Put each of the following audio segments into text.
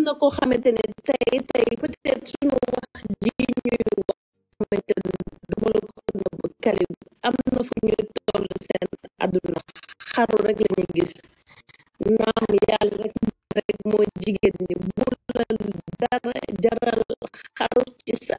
am na koo xamante ne tey tey peut-être suñu wax ji ñuy wax xamante ne duma la ko nëbb kalib am na fu ñu toll seen àdduna xaru rek la ñu gis naam yàlla rek rek mooy jigéen ñi bu jaral xaru ci sa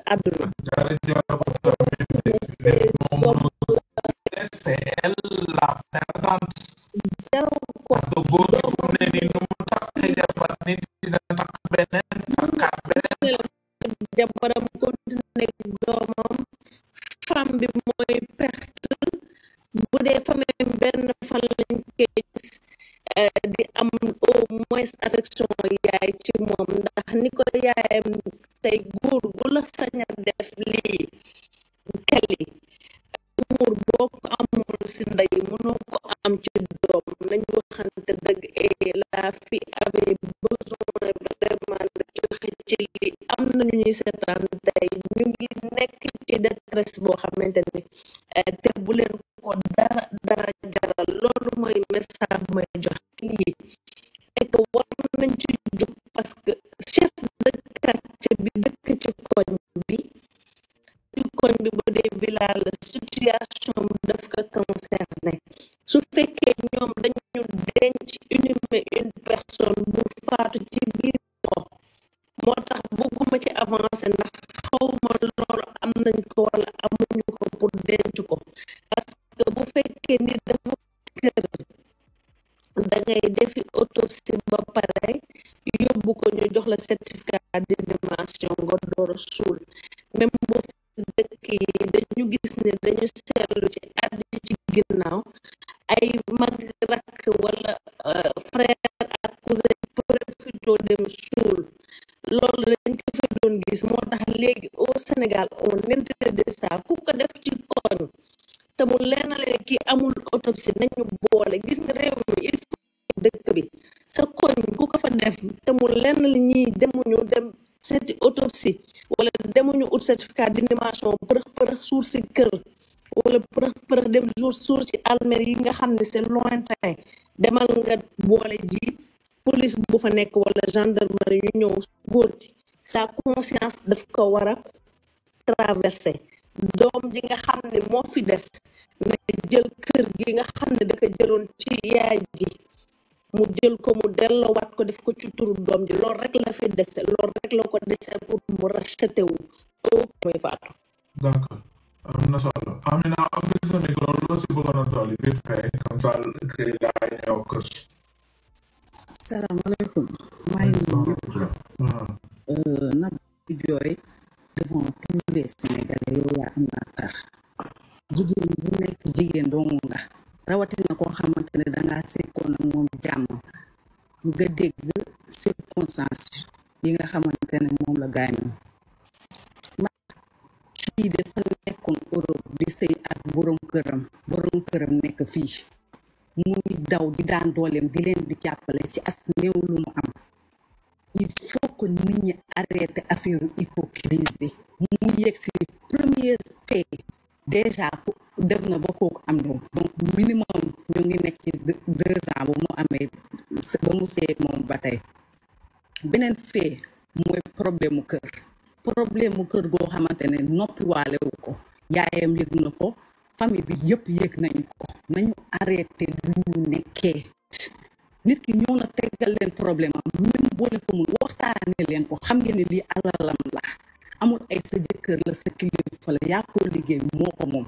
protection yaay ci moom ndax ni ko yaayam tey góor gu la sañ a def lii kali muur boo ko amul si ndey mënoo ko am ci doom nañ waxante dëgg et la fille avait besoin vraiment joxe ci lii am na ñu ñuy seetaan tey ñu ngi nekk ci détresse boo xamante ni eh, te bu leen ko dara dara jaral loolu mooy message mooy joxe lii nañ ci jóg parce que chef de bi dëkk ci koñ bi ci koñ dee village la situation bi daf ko concerné su fekkee ñoom dañu denc inhumé une personne bu faatu ci biir ko moo tax bëgguma ci avancé ndax xawma loolu am nañ ko wala amuñu ko pour denc ko parce bu fekkee ni dafa kër dangay defi autopsie ba pare yóbbu ko ñu jox la certificat de démembration nga door a suul même bu dëkk yi dañu gis ne dañu seetlu ci àdd ci ginnaaw ay mag rakk wala euh, frère ak cousin profito dem suul loolu dañ ko fi doon gis moo tax léegi au Sénégal on interdit ça ku ko def ci koñ te mu leena leen kii amul autopsie nañu boole gis nga réew mi il dëkk bi sa koñ ku ko fa def te mu lenn li ñuy demuñu dem seeti autopsie wala demuñu ut certificat d'inhumation përëx përëx suur si kër wala përëx përëx dem jour suur ci almer yi nga xam ne c'est lointain demal nga boole ji police bu fa nekk wala gendarmerie yu ñëw góor gi sa conscience daf ko war a traversé doom ji nga xam ne moo fi des na jël kër gi nga xam ne da ko jëloon ci yaay ji mu jël ko mu delloowaat ko def ko ci turu doom ji loolu rek la fi dese loolu rek la ko dese pour mu racheté wu muy faatu. d'accord a dolli vite kër laa ñëw kër. salaamaaleykum. maa ngi euh, jooy devant tous les Sénégalais yaa am naa tar jigéen bu nekk jigéen doomu nga. rawatina koo ko xamantane dangaa sekkoon ak moom jàmm nga dégg circonstance yi nga xamante moom la gaañoo ma kii dafa nekkoon Europe di sëy ak borom këram borom këram nekk fii muy daw di daan dooleem di leen di jàppale ci as néew lu mu am il faut que nit ñi arrêté affaire hypocrisie mu yegg si première fait déjà dem na ba kook am doom donc minimum ñu ngi nekk ci deux ans ba mu amee ba mu seeg moom ba tey beneen fee mooy problème mu kër problème mu kër goo xamante ne noppi waalewu ko yaayam yëg na ko famille bi yëpp yëg nañ ko nañu arrêté lu ñu nekkee nit ki ñëw na tegal leen problème am même ko mun waxtaane leen ko xam ngeen ne lii alalam la amul ay sa jëkkër la sa kilifa la yaa ko liggéey moo ko moom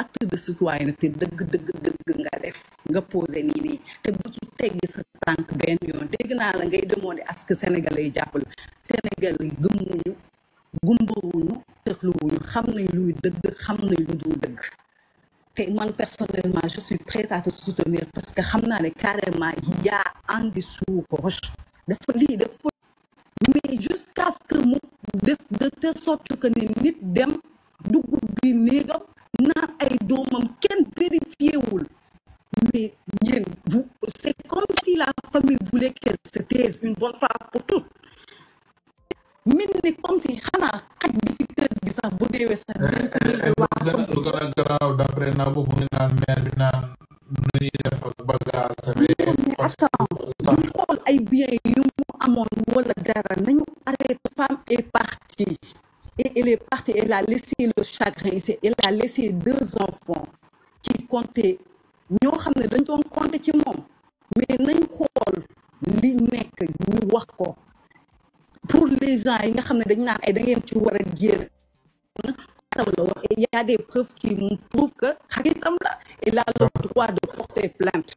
acte de citoyenneté dëgg dëgg dëgg nga def nga posé nii nii te bu ci teggi sa tànk benn yoon dégg naa la ngay demandé à ce que sénégalais yi jàppale sénégalais yi gëm nañu gumbawuñu texluwuñu xam nañ luy dëgg xam nañ lu dul dëgg te man personnellement je suis te soutenir parce que xam naa ne carrément yaa andi sous ni nit dem dugg bi néegam ces deux enfants qui comptaient ñoo xam ne dañ doon compter ci moom mais nañ xool li nekk ñu wax ko pour les gens yi nga xam ne dañ naan ay eh, da ngeen ci war a génn il eh, y a des preuves qui prouvent que xaritam la il a le droit de porter plainte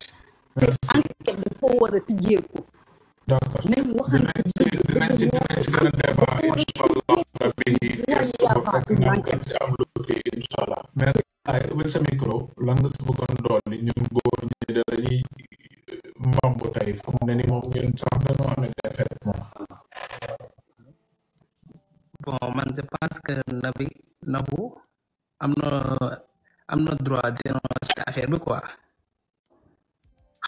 des enquête dafa war a tijjeeku d'accord nañ waxante dëgg dëgg mais sa micro lan nga si bëggoon dolli ñun góor ñi da dañuy euh, mbambu tey fu mu ne ni moom ñun sax dañoo amee defet moom bon man je pense que Nabi Nabou am na am na droit dénoncer affaire bi quoi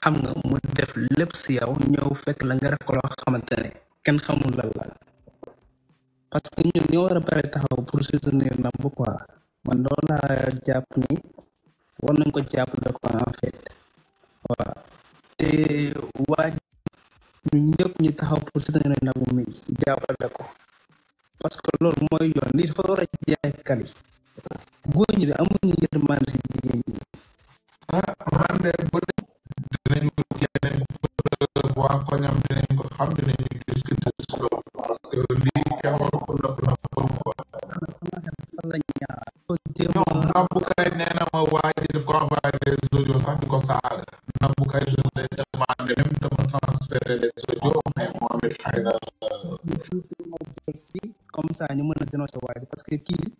xam nga mu def lépp si yow ñëw fekk la nga def ko loo xamante ne kenn xamul lan la parce que ñun ñoo war a pare taxaw pour soutenir Nambu quoi man loolu laa jàpp ni war nañ ko jàppale ko en fait waaw te waaj ñu taxaw pour soutenir Nambu mi jàppale ko parce que loolu mooy yoon li dafa war a jaay góor ñi de amuñu yërmande si jigéen ñi ah, dinañ ko dinañ ko waa koñam dinañ ko xam dinañ discuter si loolu parce que lii kenn waru ko nëpp nëpp ko. non nabukaay nee na ma waa ji daf ko envoyé des audio sax di ko saaga nabukaay je l'ai demandé même de me transférer les audios mais moom it xëy na. comme ça ñu mën a dénoncer waa ji parce que kii.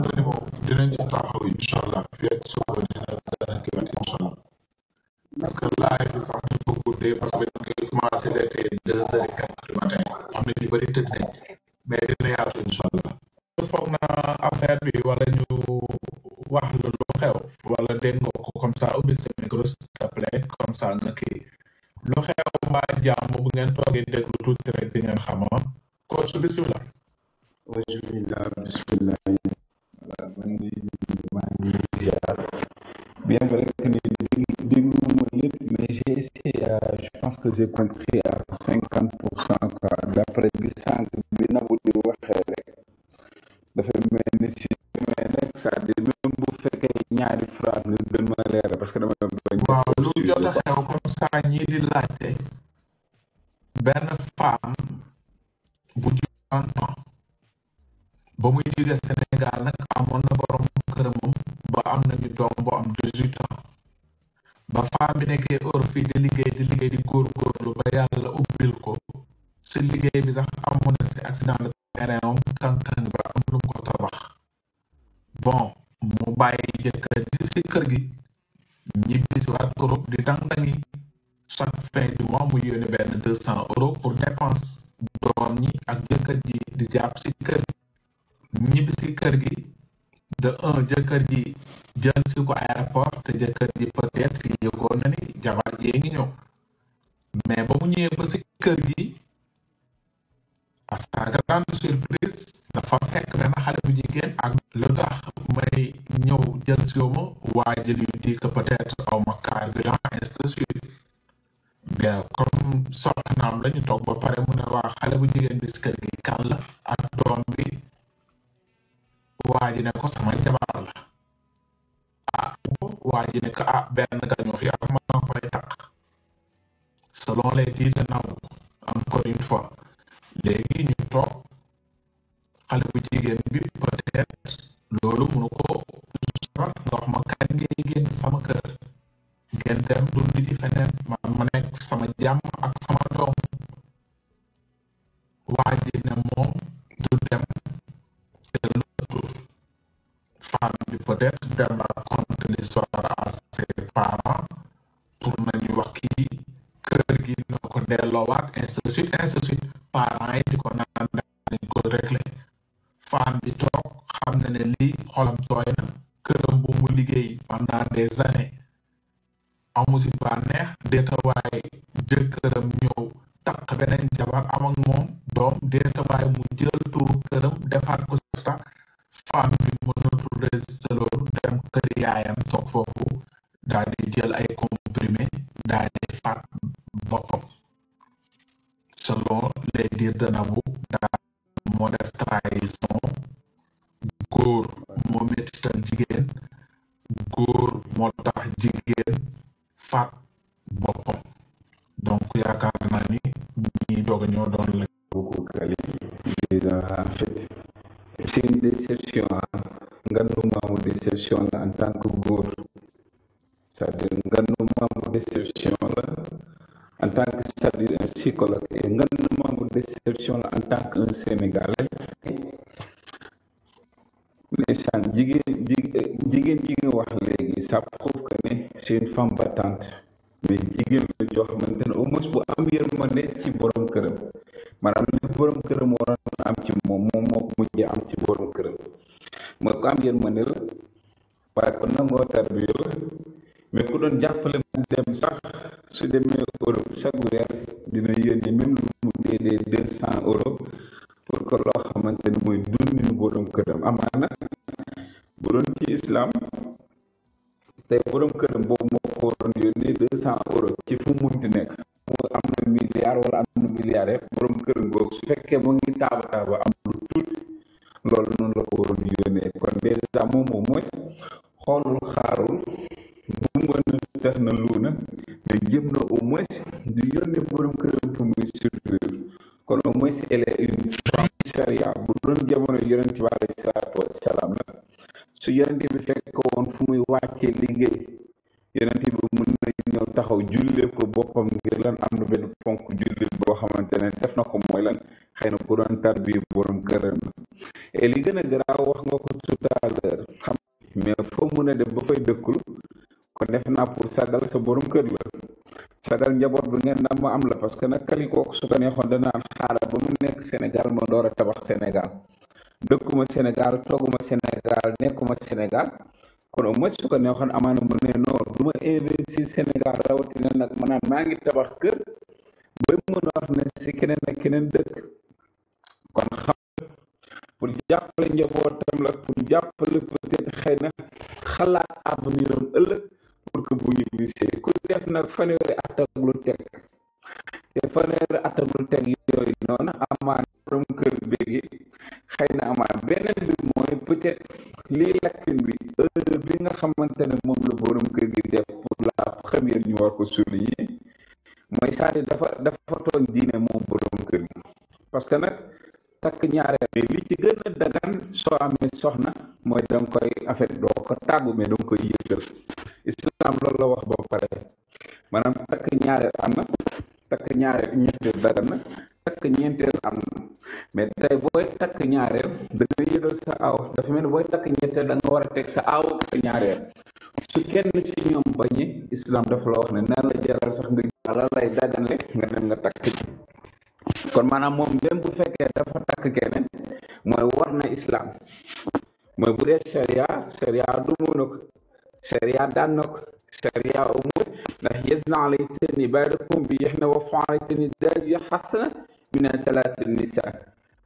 Euh, dinañ ci taxaw incha allah fii ak suba dina gën a kii incha allah. Nakalia is something for good day, but when Kumar said that it doesn't recover. I mean, very pense que j'ai cinquante pour cent quoi d'après bi sànq bi nabu di waxee rek dafa mel ni si mais nag cest à bu fekkee ñaari phrase nga gën ma leeral parce que dama bañ waaw lu jot a xew comme ça ñii laajte benn femme bu juróom ba muy jóge Sénégal nag amoon na borom këramam ba am nañu doom bu am dix-huit ba faa bi nekkee Europe fii di liggéey di liggéey di góorgóorlu ba yàlla ubbil ko si liggéey bi sax amoon na si accident de terrain moom kànkang ba am lu ko tabax bon mu bàyyi jëkkër ji si kër gi ñibbi si waat Europe di yi chaque fin du mois mu yónni benn deux cent euros pour dépense doom ñi ak jëkkër ji di jàpp si kër gi ñibbi si kër gi de un jëkkër ji jël ko aéroport te jëkkër ji peut-être yëgoon na ni jabar jee ngi ñëw mais ba mu ñëwee ba si kër gi à surprise dafa fekk benn xale bu jigéen ak lu tax may ñëw jël si ma waa ji lui dit que peut-être comme soxnaam la toog ba pare mu ne waa xale bu jigéen bi si kër gi kan la ak doom bi waa ne ko sama jabar la. ah waa ji ne ko ah benn ka ñoo fi am maa koy takk sa loolee naw encore une fois léegi ñu toog xale bu jigéen bi peut loolu mënu ko jox ndox ma kañ ngeen génn sama kër ngeen dem dundi ci feneen man ma nekk sama jàmm ak sama doom waa ji ne moom du dem famille bi peut-être dem la conte l'histoire pour nañu wax kii kër gi na ko delloowaat ainsi de suite ainsi suite parents yi di ko naan dañ ko réglé femme bi toog xam na ne lii xolam tooy na këram bu mu liggéey pendant des années amu si bànneex déeta waaye jëkkëram ñëw takk beneen jabar am moom doom déeta waaye mu jël turu këram defaat ko famille bi mën na progresser dem kër yaayam toog foofu daal jël ay comprimé daal faat boppam selon les dires de Nabou moo def trahison góor moo mettital jigéen góor moo tax jigéen faat boppam donc yaakaar naa ni ñi doog ñoo doon la beaucoup Kali en fait c'est une déception ah Nganou Mamou déception la en tant que góor cest dire Nganou Mamou déception la en tant que cest dire un psychologue et Nganou Mamou déception la en tant qu'un Sénégalais ndeysaan jigéen jigéen ji wax léegi ça prouve que ne c'est une femme mais jigéen la joo xamante ne au moins bu am yërmande ci borom këram maanaam ni borom këram waroon am ci moom moom moo ko mujjee am ci borom këram mooy ko am yërmande la waaye ko nangoo tarbiya la mais ku doon jàppale mu dem sax su demee Europe chaque weer dina yónnee même lu mu dee dee deux cent euros pour que loo xamante ni mooy dundinu borom këram amaana bu doon ci islam tey borom këram boobu moo ko waroon yónnee deux cent euros ci fu munti nekk am na milliard wala am na milliard rek borom kër googu su fekkee mu ngi taaba taaba am lu tuuti loolu noonu la ko waroon yónnee kon dèjà moom moom mooy xoolul xaarul bu mën a tax na lu na mais jëm na au moins di yónnee borom këram fu muy surtout kon au moins une femme charia bu doon jamono yonent bi alayhi salaatu wasalaam la su yonent bi fekk woon fu muy wàccee liggéey yonent bi mën na ñëw taxaw jullee ko boppam ngir lan am na benn ponk jullit boo xamante ne def na ko mooy lan xëy na ku doon tarbi borom këram et li gën a garaaw wax nga ko tout à l'heure xam mais foo mën a dem ba fay dëkklu kon def naa pour sagal sa borom kër la sagal njaboot bi ngeen dama am la parce que nag kali kooku su ko neexoon danaan xaaral ba mu nekk Sénégal ma door a tabax Sénégal dëkkuma Sénégal togguma Sénégal nekkuma Sénégal kon au moins su ko neexoon amaana mu ne non du ma investir Sénégal rawatina nag ma naan maa ngi tabax kër ba mën a wax ne si keneen ak keneen dëkk kon xam pour jàppale njabootam la pour jàppale peut-être na xalaat avenir ëllëg pour que bu ñu bisee ku def nag fanweeri at lu teg te fanweeri at lu teg yooyu noonu amaana kër béegi xëy na amaat beneen bi mooy peut-être lii lacune bi heure bi nga xamante moom la borom kër gi def pour la première ñu war ko souligner mooy cest à dafa dafa tooñ diine moom borom kër gi parce que nag takk ñaareel li ci gën a dagan soo amee soxna mooy da koy en doo ko tàggu mais da nga koy yëkkal islam loolu la wax ba pare maanaam takk ñaareel am na takk ñaareel ñetteel dagan na takk ñeenteel am na mais tey booy takk ñaareel dana yëgal sa aaw dafa mel ni booy takk da nga war a sa aaw ak sa ñaareel su kenn si ñoom bañi islam dafa la wax ne nan la jaral sax nga ala lay daganle nga dem nga takk kon maanaam moom même bu fekkee dafa takk keneen mooy war na islam mooy bu dee sharia sharia du munu ko sharia daan na ko sharia umu ndax yezna alaytani baadakum bi yahna wa faalaytani daaj ya xasna mi ne talaatil nisaa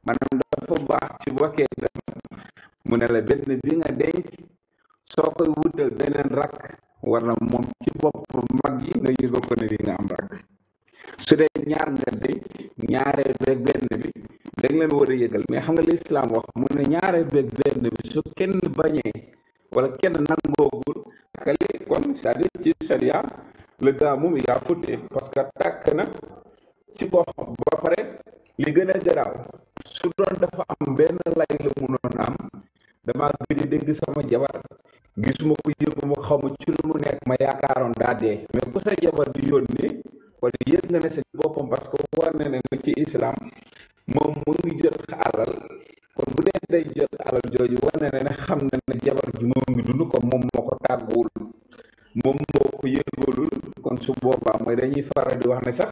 maanaam dafa baax ci bokkee dara mu ne la benn bi nga denc soo koy wutal beneen rakk wala moom ci bopp mag yi nga yëga ko ne bi nga am rakk su dee ñaar nga denc ñaareel beeg benn bi da nga leen war a yëgal mais xam nga lislaam wax mu ne ñaareel beeg benn bi su kenn bañee wala kenn nangoogul akali kon cest ci charia le gars yaa futte parce tàkk na ci goxam ba pare li gën a garaaw su doon dafa am benn lay la munoon am dama gëj a dégg sama jabar gisuma ko yëguma xaw ma ci lu mu nekk ma yaakaaroon daa dee mais ku sa jabar di yónni wala yëg nga ne sa boppam parce que war na ne ci islam moom mu ngi jot alal kon bu dee day jot alal jooju war na ne xam na ne jabar ji moo ngi dund ko moom moo ko tàgguwul moom moo ko yëgalul kon su boobaa mooy dañuy faral di wax ne sax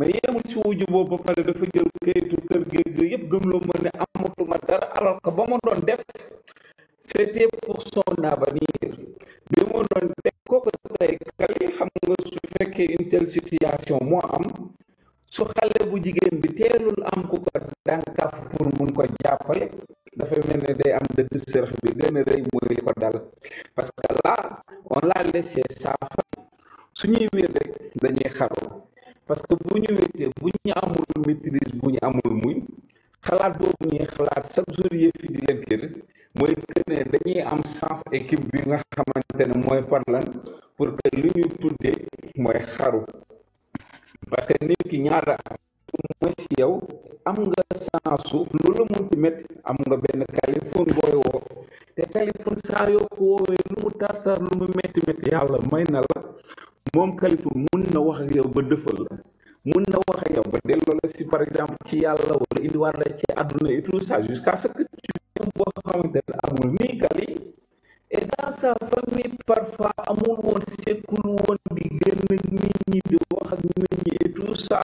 mais yéemul si wu juboo ba pare dafa jël kayitu kër géeg yëpp gëmloo ma ne amatuma dara alors ba ma doon def c'était pour son avenir bi ma doon def kooku tey xale xam nga su fekkee une telle moo am su xale bu jigéen bi teelul am ku ko dànkaaf pour mun ko jàppale dafa mel ne day am dëgg sërëx bi gën a rëy mooy ko dal parce que là on l'a laissé saafa su ñuy rek dañuy xaru parce que bu ñu wéetee bu ñu amul maîtrise bu ñu amul muy xalaat boobu ñuy xalaat chaque jour yëpp di leen kër mooy que ne dañuy am sens équipe bi nga xamante ne mooy parlan pour que lu ñu tuddee mooy xaru parce nit ki ñaara mooy si yow am nga sensu lu la munti métti am nga benn téléphone booy woo te téléphone saa yoo woowee lu mu tartar lu mu métti métti yàlla may na la moom Kaliphone mun na wax ak yow ba dëfal la mun na wax ak yow ba delloo la si par exemple ci yàlla wala indiwaat la ci àdduna et tout ça jusqu'à ce que tu viennes boo xamante ne amul nii Kali et sa famille parfois amul woon sekkul woon di gën nit ñi di wax ak nit ñi et tout ça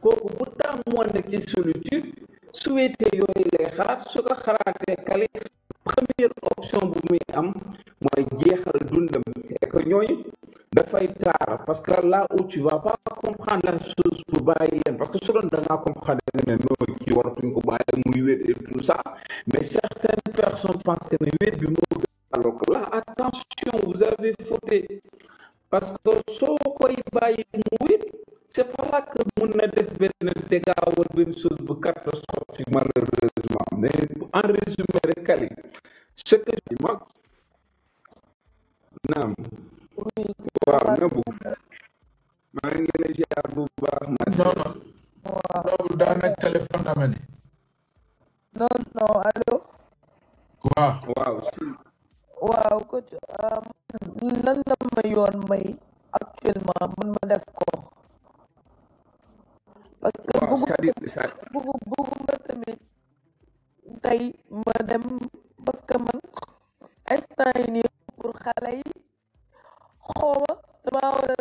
kooku bu temps moo nekk ci solitude yooyu lay xalaat su ko xalaatee Kali première option bu muy am mooy jeexal dundam et que dafay parce que là où tu vas pas comprendre la chose pour bàyyi parce que selon doon da les comprendre mots qui ont waratuñ ko bàyyi muy wér et tout ça mais certaines personnes pensent que ne wér bi alors là attention vous avez fauté parce que ce qui bàyyi mu c'est pas là que vous na def benn dégâts ou une chose catastrophique malheureusement mais en résumé c'est ce que je dis non. waaw nëbbu maa ngi lay ziar bu baax ma non non loolu daa nekk téléphone dama ni non non allo waaw waaw si waaw coach lan euh, la ma yoon may actuellement man ma def ko parce que bëggu bëggu ma tamit tey ma dem parce que man instant yi nii pour xale yi know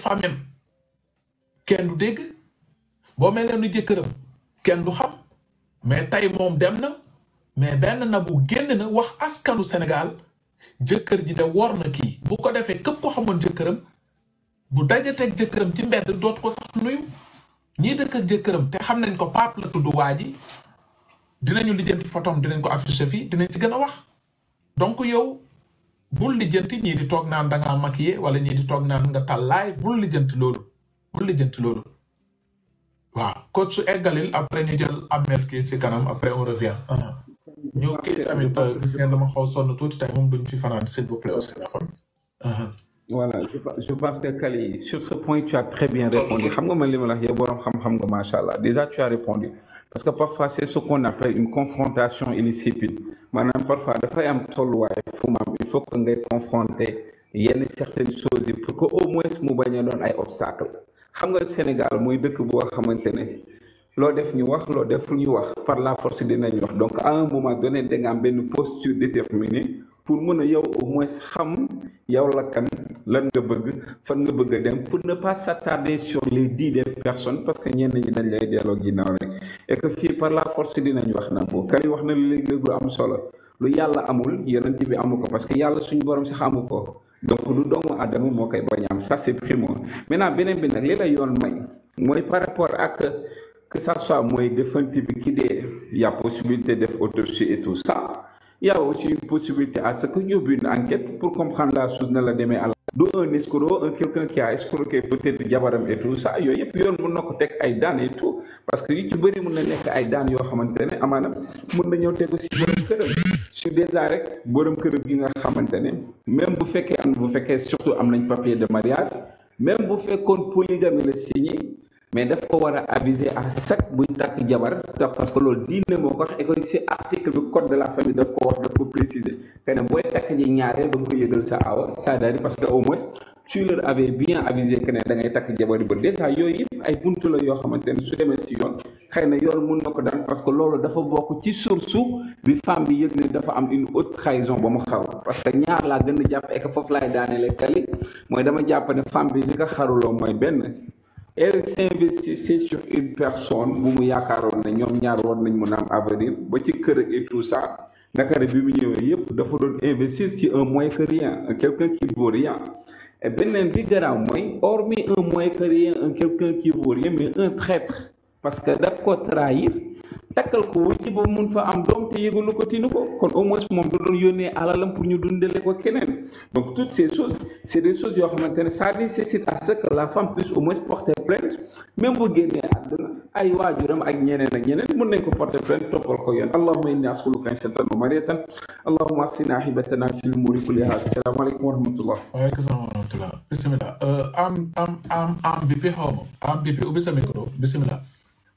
famem kenn du dégg boo mel ni jëkkëram kenn du xam mais tey moom dem na mais benn na bu génn na wax askanu Sénégal jëkkër ji de wor na kii bu ko defee képp ko xamoon jëkkëram bu dajateeg jëkkëram ci mbedd doot ko sax nuyu ñii dëkk ak jëkkëram te xam nañ ko paap la tudd waa ji dinañu lijjanti fotom dinañ ko affiché fii dinañ ci gën a wax donc yow bul lijjanti ñii di tok naan da nga maquillé wala ñii di tok naan nga tal live bul lijjanti loolu bul lijjanti loolu wa coach su eggalil après ñu jël amel kii si kanam après on revient. Ah. ñu kii tamit euh, gis ngeen dama xaw sonn tuuti tey moom duñ fi fanaan s'il vous plaît aussi la famille. voilà je pense que Kali sur ce point tu as très bien répondu xam nga man li ma la wax yow borom xam-xam nga machallah déjà tu as répondu parce que parfois c'est ce qu'on appelle une confrontation illicite Maintenant, parfois il am tolluwaay fu mu il faut a ngay confronter certaines choses pour que au moins on bañ un ay obstacle xam nga Sénégal mooy dëkk que xamante maintenir l'ordre def ñu wax l'ordre def ñu wax par la force des wax donc à un moment donné on a une posture déterminée pour mën a au moins xam yow la kan lan nga bëgg fan nga bëgg dem pour ne pas s'attarder sur les dix des personnes parce que n'y ñi dañ lay dialogue ginnaaw rek et que fait par la force dinañ wax na ko kay wax na léegi lu am solo lu yalla amul yonent bi amu ko parce que yalla suñu borom sax amu ko donc lu doomu aadama moo koy bañ ça c'est primo maintenant bien bi nag li la yoon may moi par rapport ak que ça soit mooy defante bi ki il y a possibilité def autopsie et tout ça il y a aussi une possibilité à ce que nous une enquête pour comprendre la chose de la démé à un quelqu'un qui a escroqué peut-être jabaram et tout ça il y a plusieurs na qui et tout parce que ne na arrêts même bu vous am surtout am papier de mariage même bu fekkoon polygamie le signé mais daf ko war a aviser à chaque buñ takk jabar te parce que loolu diine moo ko wax et que si article bi code de la famille daf ko wax daf ko préciser que ne booy takk ji ñaareel ba nga ko yëgal sa awa c'est-à-dire parce que au moins tu leur avais bien avisé que ne da ngay takk jabar yi ba dèjà yooyu yëpp ay buntu la yoo xamante ne su demee si yoon xëy na yoon mun na ko daan parce que loolu dafa bokk ci source bi femme bi yëg ne dafa am une haute trahison ba mu xaru parce que ñaar laa gën a jàpp et que foofu laay daaneele kali mooy dama jàpp ne femme bi li ko xaruloo mooy benn elle s'investissait sur une personne bu mu yaakaaroon ne ñoom ñaar war nañ mon a am avenir ba ci kër et tout ça Ndakaaru bi mu ñëwee yëpp dafa doon investir ci un moins que rien quelqu'un qui vaut rien un bi garaaw mooy hormis un moins que rien un quelqu'un qui vaut rien mais un traître parce que daf trahir takal ko wujji bo mun fa am dom te yëgalu ko tinuko kon au moins mom da doon yone alalam pour ñu dundele ko kenen donc toutes ces choses c'est des choses yo xamantene ne ça nécessite à ce que la femme puisse au moins porter plainte même bu génnee aduna ay wajuram ak ñeneen ak ñeneen mun nañ ko porter plainte topal ko yone allahumma inni as'aluka isatan wa mariatan allahumma asina hibatana ahibatana fi lumuuri assalamu alaykum wa rahmatullah wa alaykum assalam wa rahmatullah bismillah euh, am am am am bi bi xaw am bi bi ubbi micro bismillah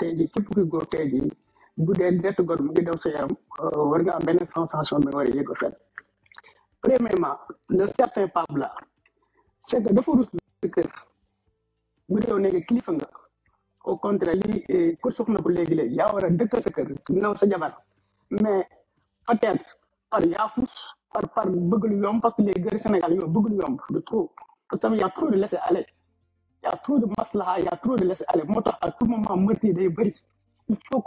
tey jii ki kuy góor budé jii gor mu ngi daw sa yaram war nga am ben sensation bi war yi ko fet premièrement le certain pabla c'est que dafa rus ci keur mu dee ne ngi kilifa nga au contraire li ko soxna ko légui léegi ya wara a dëkk sa kër naw sa jabar mais peut être par ya fous par par bëgg lu yom parce que les gër Sénégal yo bëgg lu yom de trop parce que tamit y' a trop de laisser aller y a trop de il y a trop de laisser aller à tout moment meurtre day il faut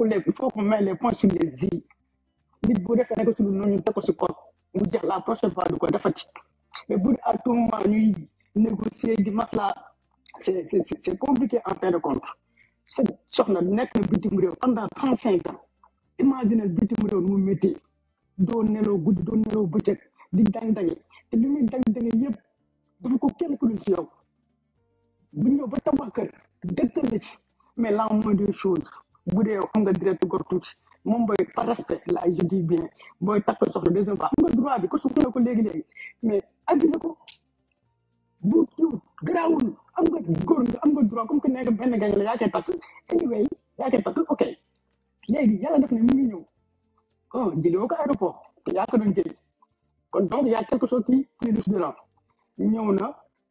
il faut qu'on mette les points sur les i nit faut que ci lu la prochaine fois nous mais à tout moment nous, négocier c'est c'est c'est compliqué en fin de compte C'est soxna le de mourir pendant 35 ans Imaginez, le but de mourir, nous Donner neloo guddi donner nos di nous mettons bu ñëw ba tabax kër dëkk na mais la moindre chose bu dee xam nga direct góor tuuti moom booy par respect la je dis bien booy takk soxla deuxième fois am nga droit bi ko su ko léegi-léegi mais avisé ko bu garaawul am nga góor nga am nga droit kom que nee nga benn gañ la yaa koy takk anyway yaa koy takk ok léegi yàlla def ne mu ngi ñëw ah jëlee woo ko aéroport te yaa ko doon jëlee kon donc y' a quelque chose qui qui est de ñëw na.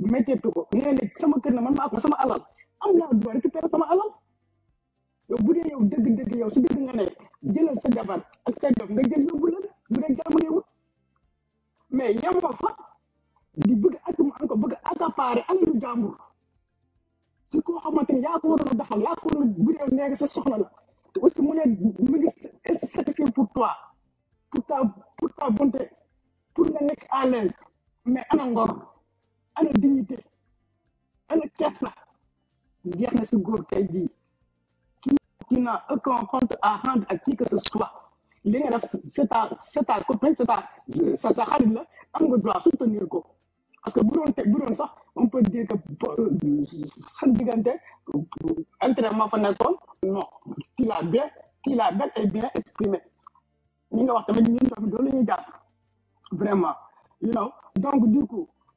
métteetu ko nee ne sama kër na man maa ko sama alal am naa droit récupérer sama alal yow bu dee yow dëgg-dëgg yow si dëgg nga ne jëlal sa jabar ak sa doom nga jël yóbbu bu dee jàmm mais ñama bëgg ak mu bëgg accaparer alalu ko waroon a daxal yaa ko waroon a bu dee aussi mu ne mu ngi sacrifier pour toi pour ta pour pour nga nekk à l'aise mais ana ngor dignité ana kersa Il na a un a qui qui n'a aucun compte à rendre à qui que ce soit c'est ta c'est c'est ta sa soutenir parce que on peut dire que c'est un traitement, non il a bien bien exprimé vraiment you know donc du coup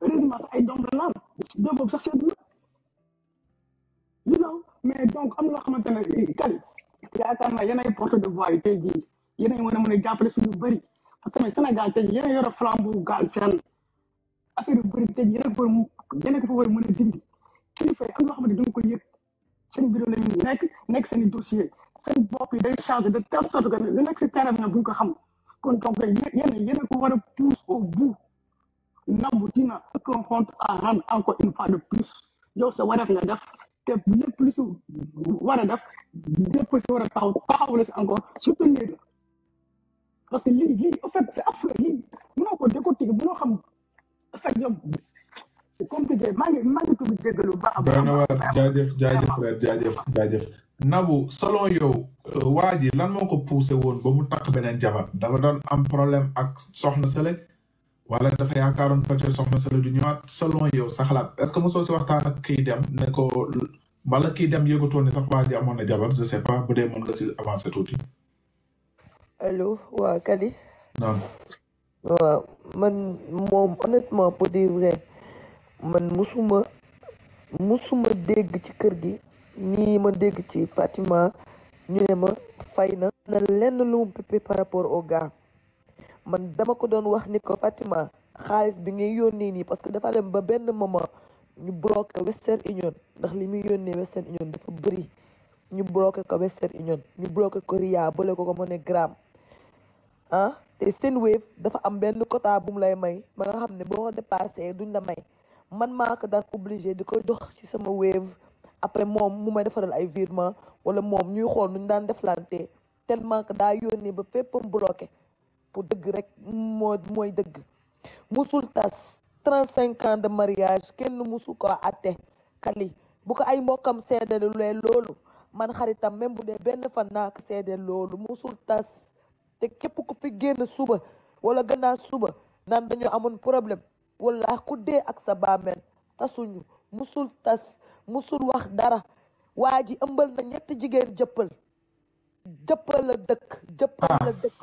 Casamance ay doom la laal dëgg boobu sax seetlu na mais donc am na loo xamante ne eh, Kaly yaakaar naa yéen ay porte de voix te tey jii yéen a mën a mën a jàppale bëri parce que tamit Sénégal tey jii yéen a yor flambeau gaal seen affaire yu bëri tey jii yéen a ko yéen fa war a mën a dindi am na loo xamante ne da nga koy yëg seen bureau la ñu nekk nekk seen i dossier seen bopp yi day chargé de telle sorte que lu nekk si terrain bi nag bu ñu ko xam kon donc yéen yéen a ko war a au bout. n'aboutit na aucun compte à rendre encore une fois de plus yow sa wareef nga def te lépp lu si war a def lépp si war a taxaw taxaw la encore soutenir parce que lii lii en fait c'est affreux lii mënoo ko décortiquer mënoo xam en fait c'est compliqué maa ngi maa ngi tudd jégalu baax a baax. doy na waar jaajëf jaajëf frère jaajëf jaajëf Nabou selon yow euh, Wadi, lan moo ko poussé woon ba mu takk beneen jabar dafa am problème ak soxna Sele. wala dafa yaakaaroon peut-être soxna Sala du sa xalaat est waxtaan ak dem ne ko mbala kiy dem yëgatoo ne sax waa ji amoon na jabar je sais pas bu dee mën nga si avancer tuuti. allo waa Kadi. man moom honnêtement pour dire vrai man musuma musuma dégg ci kër gi nii ma dégg ci Fatima ñu ne ma fay na. na lenn lu mu par rapport au gars. man dama ko doon wax ni ko Fatima xaalis bi ngay yónnee nii parce que dafa dem ba benn moment ñu bloqué Western Union ndax li muy yónnee Western Union dafa bëri ñu bloqué ko Western Union ñu bloqué ko Ria boole ko ko MoneyGram ah te Senwave dafa am benn quota bu lay may ba nga xam ne boo dépassé duñ la may man maak daan obligé di ko jox ci sama Wave après moom mu may defaral ay virement wala moom ñuy xool nu ñu daan deflante tellement que daa yónnee ba féppam bloqué. dëgg rek moo mooy dëgg musul tas trent cinq de mariage kenn musu ko atte kali bu ko ay mbokkam seedelu leen loolu man xaritam même bu dee benn fan naa ko loolu musul tas te képp ku fi génn suba wala gannaaw suba naan dañoo amoon problème wala ku dee ak sa bàmmeel tasuñu musul tas musul wax dara waa ji ëmbal na ñetti jigéen jëppal jëppal la dëkk jëppal la ah. dëkk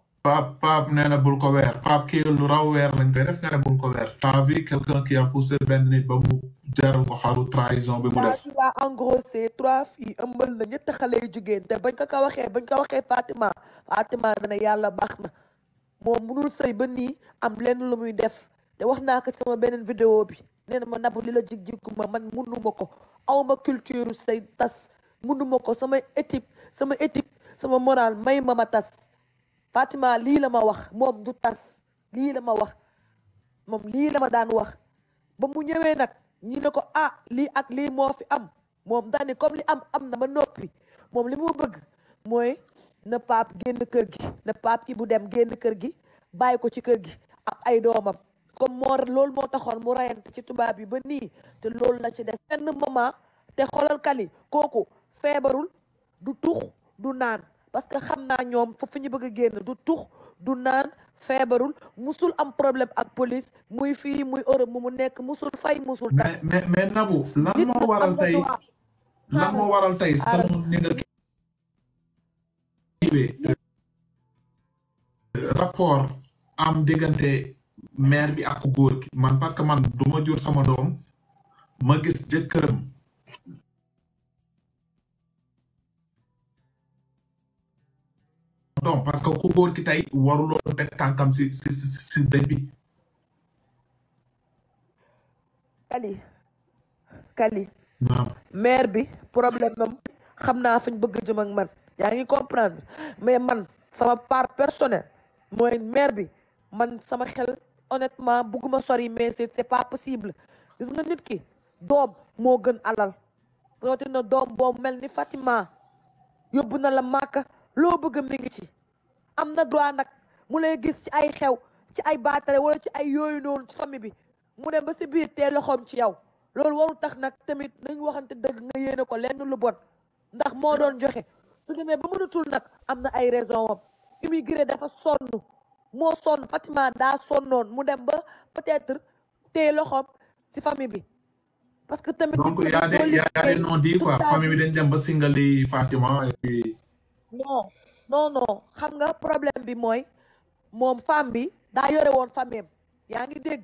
Pape Pape nee na bul ko weer Pape kii lu raw weer lañ koy def nga ne bul ko weer t'as vu quelqu'un a poussé benn ba mu jaral ko xaru trahison bi mu def. la engrossé trois filles ëmbal la xale yu jigéen te bañ ka ko waxee bañ ko waxee Fatima Fatima na yàlla baax na moom munul say ba nii am lenn lu muy def te wax naa ko sama beneen vidéo bi nee na ma nabu li la jig jiggu ma man munu ma ko awma culture say tas munu ma ko sama éthique sama éthique sama morale may ma ma tas. Fatima lii la ma wax moom du tas lii la ma wax moom lii la ma daan wax ba mu ñëwee nag ñu ne ko ah lii ak lii moo fi am moom dani comme li am am na ba noppi moom li mu bëgg mooy na paap génn kër gi na paap bu dem génn kër gi bàyyi ko ci kër gi ak ay doomam comme moo moo taxoon mu rayante ci tubaab yi ba nii te loolu la ci def benn moment te xoolal kali kooku feebarul du tux du naan parce que xam naa ñoom foofu ñu bëgg a génn du tux du naan feebarul musul am problème ak police muy fii muy Europe mu mu nekk musul fay musul. mais mais mais Nabou lan moo waral tey lan moo waral tey sàmm ni nga kiiwee rapport am diggante maire bi ak góor man parce que man du ma jur sama doom ma gis jëkkëram. non parce que ki lo tek si si si bi. Kali Kali. Mère, bi problème je man y'a ngi comprendre mais man part personnelle bi man sama xel honnêtement bëgguma sori mais c'est c'est pas possible gis nga nit ki dom mo gën alal rotina dom mel Fatima la loo bëgg mi ngi ci am na droit nag mu lay gis ci ay xew ci ay baatare wala ci ay yooyu noonu ci famille bi mu dem ba si biir tee loxoom ci yow loolu waru tax nag tamit nañ waxante dëgg nga yéene ko lenn lu bon ndax moo doon joxe su demee ba mënatul nag am na ay raison am immigré dafa sonn moo sonn Fatima daa sonnoon mu dem ba peut te téye loxoom si famille bi parce que tamit donc y a des y a des non-dits quoi bi dañ dem ba singali Fatima non non xam nga problème bi mooy moom femme bi daa yore woon famem yaa ngi dégg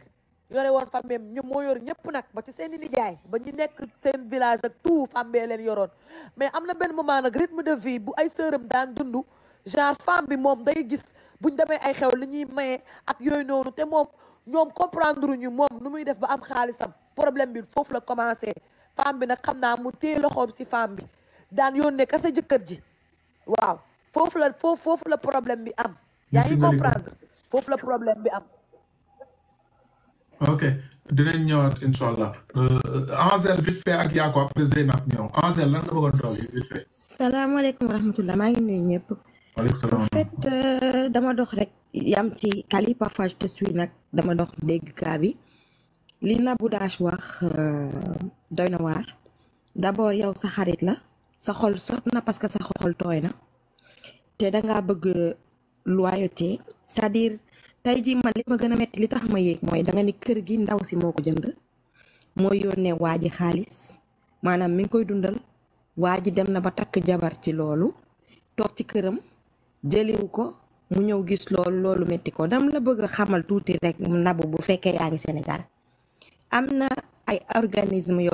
yore woon famem ñu moo yore ñëpp nag ba ci seen i nijaay ba ñu nekk seen village ak tout femme bee leen yoroon mais am na benn moment nag rythme de vie bu ay sëram daan dundu genre femme bi moom day gis buñ demee ay xew li ñuy maye ak yooyu noonu te moom ñoom comprendre ñu moom nu muy def ba am xaalisam problème bi foofu la commencé femme bi nag xam naa mu téye loxoom si femme bi daan yónnee kese jëkkër ji waaw foofu la foofu foofu problème bi am yaa ngi comprendre foofu la problème bi am ok dinañ ñëwaat incha euh, Angel vite fait ak yaa ko après Zeynab ñëw Angel lan nga salaamaaleykum wa maa ngi nuyu ñëpp euh, dama dox rek yam ci kali parfois te suis nag dama dox dégg kaa bi li Nabou Dash wax euh, doy na waar d'abord yow sa xarit la sa xol sot na parce que sa xol na te da nga bëgg loyauté c'est-à-dire tay ji man li ma gëna metti li tax ma yé moy da nga ni kër gi ndaw si moko jënd moy yone waji ji manam mi ngi koy dundal waji dem na ba tak jabar ci loolu tok ci këram jëliwu ko mu ñëw gis loolu loolu metti ko dam la bëgg xamal tuuti rek nabu bu yaangi Sénégal amna ay organisme yo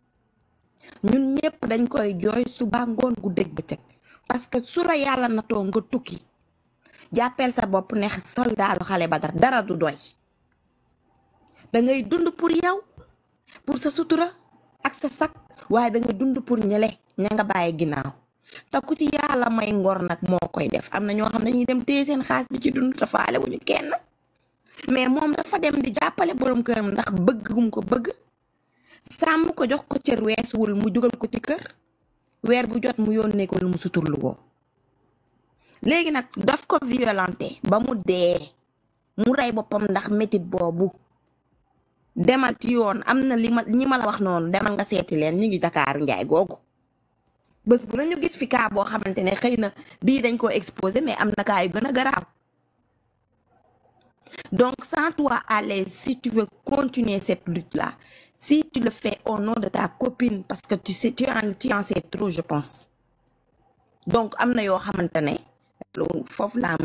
ñun ñëpp dañ koy jooy suba ngoon gu dégg bëccëg parce que su la yàlla natoo nga tukki jàppeel sa bopp ne soldaalu xale Badar dara du doy da ngay dund pour yow pour sa sutura ak sa sakk waaye da ngay dund pour ñële ña nga bàyyi ginnaaw te ku ci yàlla may ngor nag moo koy def am na ñoo xam ne dañuy dem téye seen xaas di ci dund te faale wuñu kenn mais moom dafa dem di jàppale borom këram ndax bëgg gum ko bëgg. sàmm ko jox ko cër weesuwul mu jugal ko ci kër weer bu jot mu yónnee ko lu mu suturlu woo léegi nag daf ko violenté ba mu dee mu rey boppam ndax métit boobu demal ci yoon am na li ma ñi ma la wax noonu demal nga seeti leen ñu ngi Dakar njaay googu bés bu ñu gis fi boo xamante ne xëy na bii dañ koo exposé mais am na kaa yu gën a garaaw donc sans toi à l'aise si tu veux continuer cette lutte là Si tu le fais au nom de ta copine, parce que tu sais, tu en, tu en sais trop, je pense. Donc, amna yo que franchement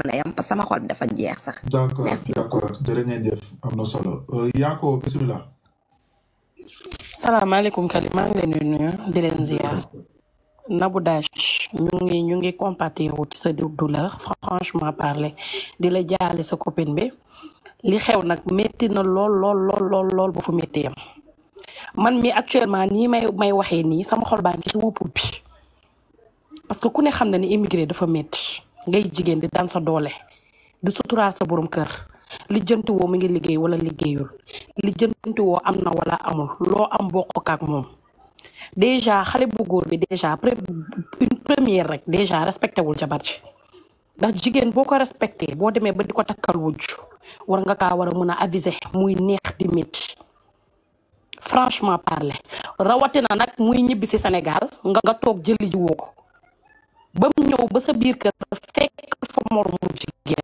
parler man mi actuellement nii may may waxee nii sama xol baa ngi ci sama bi parce que ku ne xam ne ni immigré dafa métti ngay jigéen di daan sa doole di suturaal sa borom kër li jënti woo mu ngi liggéey wala liggéeyul li jënti woo am na wala amul loo am bokk ak moom déjà xale bu góor bi déjà une première rek déjà respecté wul jabar ji ndax jigéen boo ko respecté boo demee ba di ko takkal wujj war nga kaa war a mën a aviser muy neex di métti franchement parler na nak muy ñibbi Sénégal nga nga toog jëli ji woo ko ba ba sa biir kër fekk fa moromu jigéen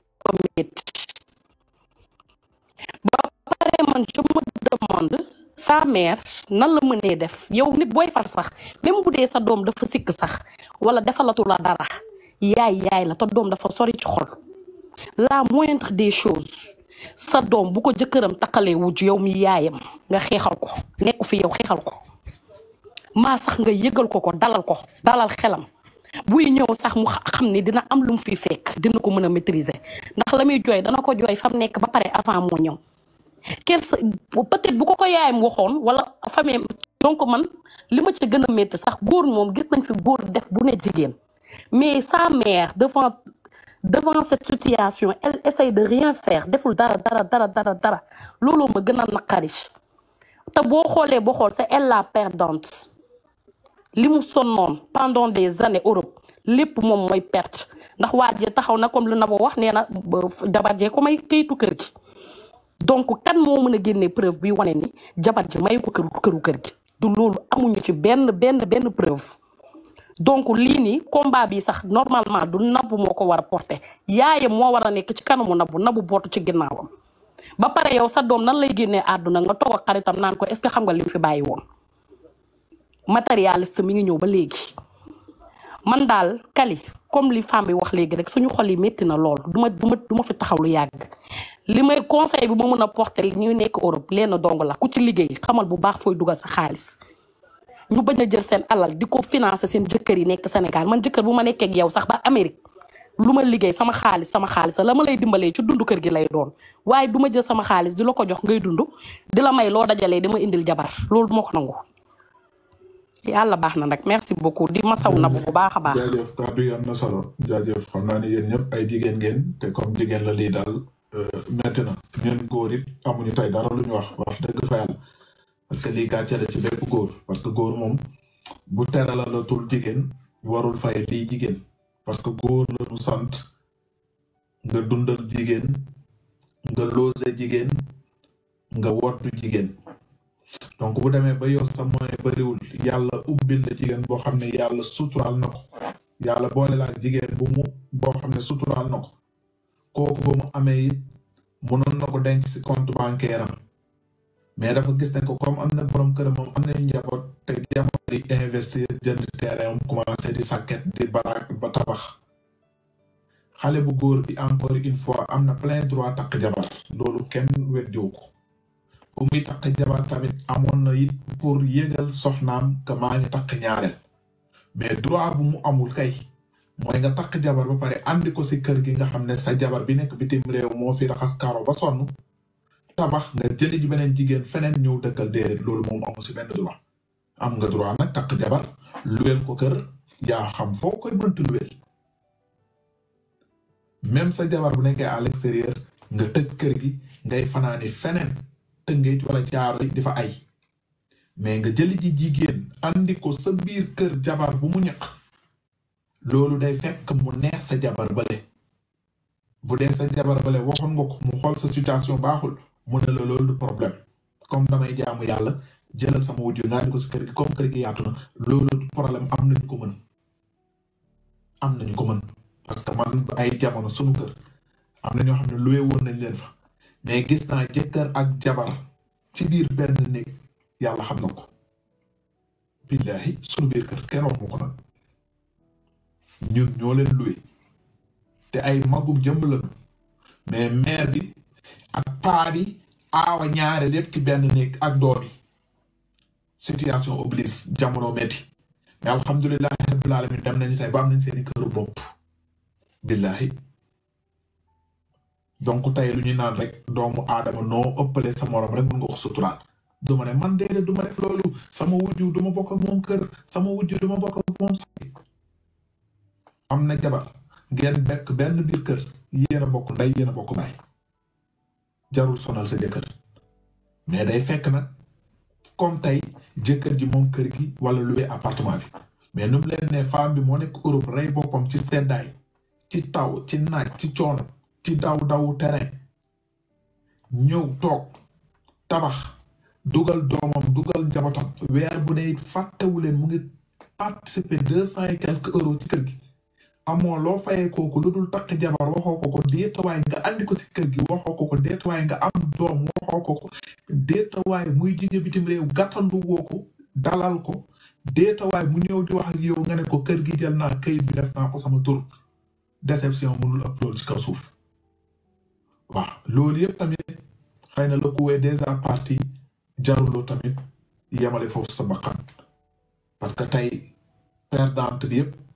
ba ba pare man je me demande sa mère nan la mënee def yow nit boy far sax même bu sa doom dafa sik sax wala defalatu la dara yaay yaay la dom doom dafa sori ci xol la moindre des choses. sa doom bu ko jëkkëram takkalee wujj yow mi yaayam nga xeexal ko nekku fi yow xeexal ko maa sax nga yëgal ko ko dalal ko dalal xelam buy ñëw sax mu xam ni dina am lu mu fiy fekk dina ko mën a maîtriser ndax la muy jooy dana ko jooy fa mu nekk ba pare avant moo ñëw kersa peut-être bu ko ko yaayam waxoon wala famille donc man li ma ci gën a métti sax góor moom gis nañ fi góor def bu ne jigéen mais sa mère devant devant cette situation elle essaye de rien faire deful dara dara dara dara dara looloo ma gën a naqari te boo xoolee ba xool c'est elle la perdante li mu sonnoon pendant des années Europe lépp moom mooy perte ndax waa ji taxaw na comme lu na boo wax nee na jabar jee ko may këyitu kër gi donc kan moo mën a génnee preuve bi wane ni jabar ji may ko këru kër gi du loolu amuñu ci benn benn benn preuve donc lii nii combat bi sax normalement du nabu moo ko war a porté yaayam moo war a nekk ci kanamu nabu nabu bootu ci ginnaawam ba pare yow sa doom nan lay génnee àdduna nga toog ak xaritam naan ko est ce que xam nga li mu fi bàyyi woon matérialiste mi ngi ñëw ba léegi man daal kali comme li femme bi wax léegi rek suñu xol yi métti na lool du ma du ma du fi taxaw lu yàgg li may conseil bi ma mën a porté ñuy nekk Europe leen dong la ku ci liggéey xamal bu baax fooy dugal sa xaalis ñu bañ a jël seen alal di ko financer seen jëkkër yi nekk Sénégal man jëkkër bu ma nekkee ak sax ba Amérique lu ma liggéey sama xaalis sama xaalis la ma lay dimbalee ci dund kër gi lay doon waaye du ma jël sama xaalis di la ko jox ngay dund di la may loo dajalee dama indil jabar loolu du ma ko nangu. yàlla baax na nag merci beaucoup di masaw na bu baax a baax. jaajëf kàddu na solo jaajëf xam naa ne yéen ñëpp ay jigéen ngeen te la lii daal euh, metti na ñun góor it amuñu dara lu ñu wax wax parce que lii gàcce la ci bépp góor parce que góor moom bu teralalatul jigéen warul fay bii jigéen parce que góor la ñu sant nga dundal jigéen nga loose jigéen nga wottu jigéen donc bu demee ba yow sa moyen bariwul yàlla ubbil la jigéen boo xam ne yàlla suturaal na ko yàlla boole la jigéen bu mu boo xam ne suturaal na ko kooku ba mu amee it mënoon na ko denc ci compte bancaire mais dafa gis ne ko comme am na borom këram moom am nañu njaboot te jamono di investir jënd terrain am commencé di sàkket di baraak ba tabax xale bu góor bi encore une fois am na plein droit takk jabar loolu kenn weddiwu ko bu muy takk jabar tamit amoon na it pour yégal soxnaam maa ngi takk ñaareel mais droit bu mu amul kay mooy nga takk jabar ba pare andi si kër gi nga xam ne sa jabar bi nekk bitim réew moo fi raxas karo ba sonn tabax nga jëli ji beneen jigéen feneen ñëw dëkkal déedéet loolu moom amu si benn droit am nga droit nag takk jabar luweel ko kër yaa xam foo koy mënti luweel même sa jabar bu nekkee à l'extérieur nga tëj kër gi ngay fanaani feneen tëngéej wala caaroy di ay mais nga jëli ji jigéen andi ko sa biir kër jabar bu mu ñaq loolu day fekk mu neex sa jabar bale bu dee sa jabar bale waxoon nga ko mu xool sa situation baaxul mu ne la loolu du problème comme damay jaamu yàlla jëlal sama wujju naa di ko si kër gi comme kër gi yaatu na loolu du problème am na ñu ko mën am nañu ko mën parce que man ay jamono sunu kër am na ñoo xam ne luwe woon nañ leen fa mais gis naa jëkkër ak jabar ci biir benn néeg yàlla xam na ko billaahi sunu biir kër kenn wax ma ko nag ñun ñoo leen luwe te ay magum jëmb lañu mais maire bi ak paa bi aawa ñaare lépp ci benn néeg ak doom yi oblige jamono metti mais alhamdulilahi rabbil alamin dem nañu tey ba am nañ seeni këru bopp billahi donc tey lu ñuy naan rek doomu aadama noo ëppale sa morom rek mën nga ko suturaal du ma ne man déedéet du ma def loolu sama wujju du ma bokk moom kër sama wujju du ma bokk moom sax am na jabar ngeen bekk benn biir kër yéen a bokk ndey yéen a bokk baay jarul sonal sa jëkkër mais day fekk nag comme tey jëkkër ji moom kër gi wala loué appartement bi mais nu mu leen ne femme bi moo nekk Europe rey boppam ci seddaay ci taw ci naaj ci coono ci daw daw tere ñëw toog tabax dugal doomam dugal njabootam weer bu ne fàttewu leen mu ngi participer deux cent et quelques euros ci kër gi amoo loo fayee kooku lu dul takk jabar waxoo ko nga si kër gi waxoo ko ko déetawaay nga am doom waxoo ko ko déetawaay muy jóge bitim réew gàttandu woo ko dalal ko déetawaay mu ñëw di wax ak yow nga ne ko kër gi jël naa këyit bi def naa ko sama tur déception mënul ëpp loolu si kaw suuf waaw loolu yëpp tamit xëy na la kuwee a parti jaruloo tamit yemale foof sa bakkan parce que tey perdante bi yëpp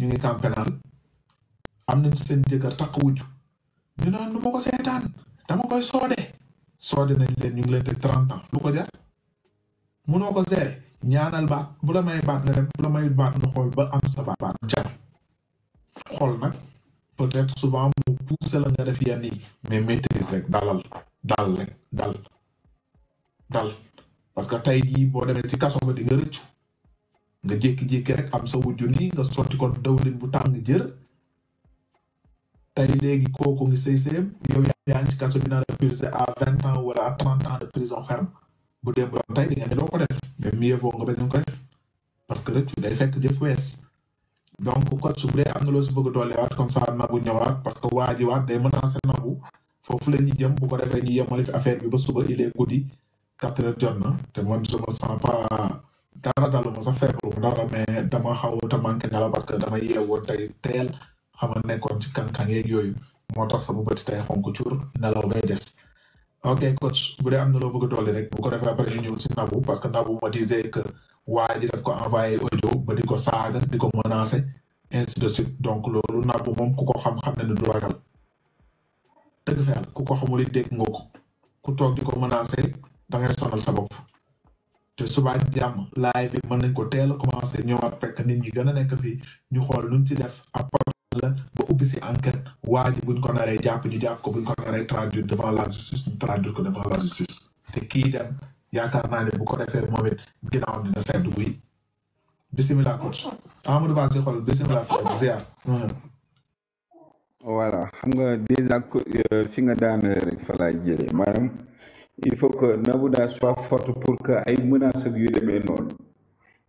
ñu ngi camp pénal am nañ seen jëkkër takk wujj ñu naan lu ma ko seetaan dama koy soode soode nañ leen ñu ngi leen te trente ans lu ko jar munoo ko seere ñaanal baat bu la may baat nga dem bu la baat nga xool ba am sa baat jàpp xool nag peut-être souvent mu poussé la nga def yenn yi mais maîtrise rek dalal dal parce que tey jii boo demee ci kaso ba di nga rëccu nga jékki-jékki rek am sa wujju ni nga sotti ko dawlin bu tàng jër tey léegi kooku ngi say séem yow yaa ngi ci kaso bi naan accusé à vingt ans wala à trente de prison ferme bu dem ba tey di nga ne doo ko def mais mieux vaut nga bañ ko def parce que rëccu day fekk jëf wees donc coach bu dee am na loo si bëgg a dooleewaat comme ça nabu ñëwaat parce que waa ji waat day menacé nabu foofu la ñuy jëm bu ko defee ñu yemale fi affaire bi ba suba il est guddi quatre heures jot na te dara dalu ma sax feebaru ma dara mais dama xaw a manqué nelaw parce que dama yeewoo tey teel xam nga ci kankan yeeg yooyu moo tax sama bëti tey xonk cuur nelaw des. ok coach bu dee am na loo bëgg a dolli rek bu ko defee après ñu ñëw si Nabou parce que Nabou ma disait que waa ji daf ko envoyé audio ba di ko saaga di ko menacé ainsi de suite donc loolu Nabou moom ku ko xam-xam ne du ragal dëgg fa yàlla ku ko xamul dégg nga ko ku toog di ko menacé da ngay sa bopp. te subaaj jàmm live bi mën nañ ko teel a commencé ñëwaat fekk nit ñi gën a nekk fii ñu xool luñ ci def apporte la ba ubbi si enquête waa ji buñ ko naree jàpp ñu jàpp ko buñ ko naree traduire devant la justice ñu ko devant la justice te kii dem yaakaar naa ne bu ko defee moom it ginnaaw dina sedd buy bisimilah coach Amadou Ba si xool bisimilah fi ziar voilà xam nga dèjà euh, fi nga daanee rek fa laay jëlee maanaam il faut que Nabouda soit forte pour que ay menaces ak yu demee noonu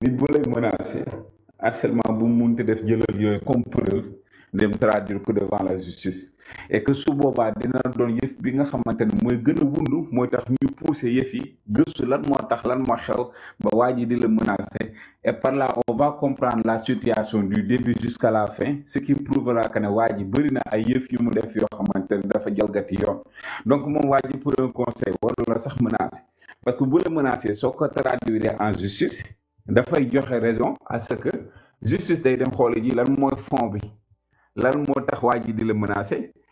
nit bu lay menacé bu mu munti def jëlal yooyu comme preuve dem traduire ko devant la justice et su boobaa dina doon yëf bi nga xamante ne mooy gën a mooy tax ñu pousser yëf yi gëstu lan moo tax lan moo xew ba waa ji di la menacer et par là on va comprendre la situation du début jusqu'à la fin ce qui prouvera que ne waa ji bëri na ay yëf yu mu def yoo xamante ne dafa jalgati yoon donc moom waa ji pour un conseil wala la sax menacer parce que bu la menacer soo ko traduire en justice dafay joxe raison a ce que justice day dem xoole ji lan mooy fond bi lan moo tax waa ji di la menacer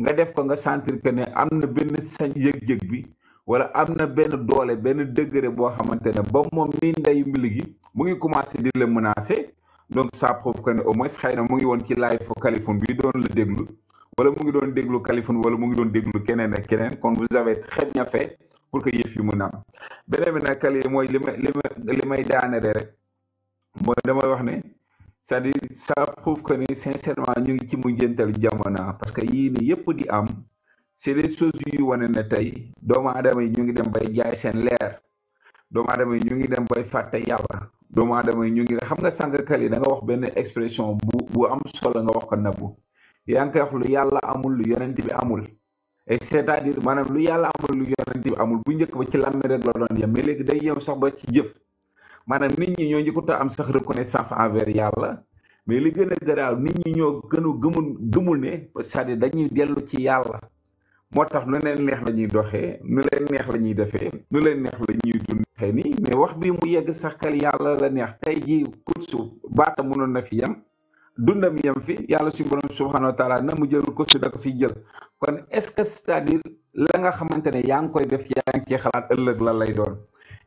nga def ko nga sentir que ne am na benn sañ yëg-yëg bi wala am na benn doole benn degré boo xamante ne ba moom mii ndeyu mbili gi mu ngi commencé di la menacer donc ça prouve que ne au moins xëy na mu ngi woon ci live fo Kalifone bi doon la déglu wala mu ngi doon déglu Kalifone wala mu ngi doon déglu keneen ak keneen kon vous avez très bien fait pour que yëf yi mën a beneen bi na Kali mooy li may li may li may daanale rek mooy damay wax ne. c'est-à-dire ça prouve que ni sincèrement ñu ngi ci mujjantalu jamono parce que yii nii yëpp di am c'est des choses yuy wane ne tey doomu aadama yi ñu ngi dem bay jaay seen leer doomu aadama yi ñu ngi dem bay fàtte yàlla doomu aadama yi ñu ngi xam nga sàngkat yi da nga wax benn expression bu bu am solo nga wax ko nabu yaa ngi koy wax lu yàlla amul lu yonent bi amul et c'est-à-dire maanaam lu yàlla amul lu yonent bi amul bu njëkk ba ci làmmi rek la doon yem mais léegi maanaam nit ñi ñoo njëkkut a am sax reconnaissance envers yàlla mais li gën a garaaw nit ñi ñoo gën a gëmul gëmul ne c'est-à-dire dañuy dellu ci yàlla moo tax nu leen neex la ñuy doxee nu leen neex la ñuy defee nu leen neex la ñuy dundee mais wax bi mu yegg sax kal yàlla la neex tey jii kursu baata mënoon na fi yam dundam yam fi yàlla suñu borom subhanahu wa taala na mu jël kursu da ko fi jël kon est-ce que cest la nga xamante ne yaa ngi koy def yaa ngi ciy xalaat ëllëg la lay doon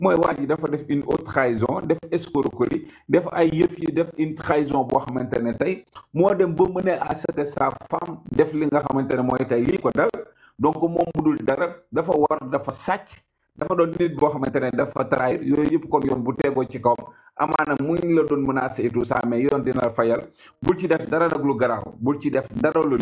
mooy waa yi dafa def une haute trahison def escroquerie def ay yëf yi def une trahison boo xamante ne tey moo dem ba mën a acheter sa femme def li nga xamante ne mooy tey lii ko dal donc moom bu dul dara dafa war dafa sàcc dafa doon nit boo xamante ne dafa trahir yooyu yëpp kon yoon bu tegoo ci kawam amaana mu ngi la doon menacé et tout ça mais yoon dina fayal bul ci def dara nag lu garaaw bul ci def dara lu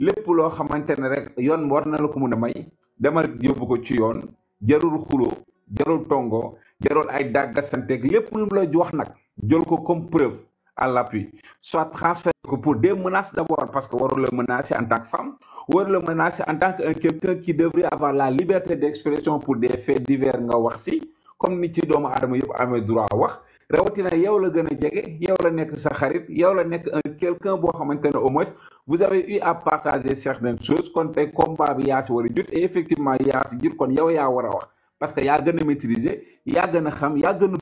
lépp loo xamante ne rek yoon war na la ko mun a may demal yóbbu ko ci yoon jarul xuloo jarul tongo jarul ay dàggasanteeg lepp lu mu la wax nak jël ko comme preuve à l'appui soit transfert ko pour des menaces d'abord parce que waru le menacer en tant que femme waru le menacer en tant que quelqu'un qui devrait avoir la liberté d'expression pour des faits divers nga wax si comme nit ci doomu adama yeb amé droit wax rawatina yow la gëna a yow la nek sa xarit yow la nek un quelqu'un bo xamante au moins vous avez eu à partager certaines choses kon tey combat bi yaa si jut et effectivement yaa si jut kon yow ya wara wax parce que yaa gën a maîtriser il y a xam il y a dund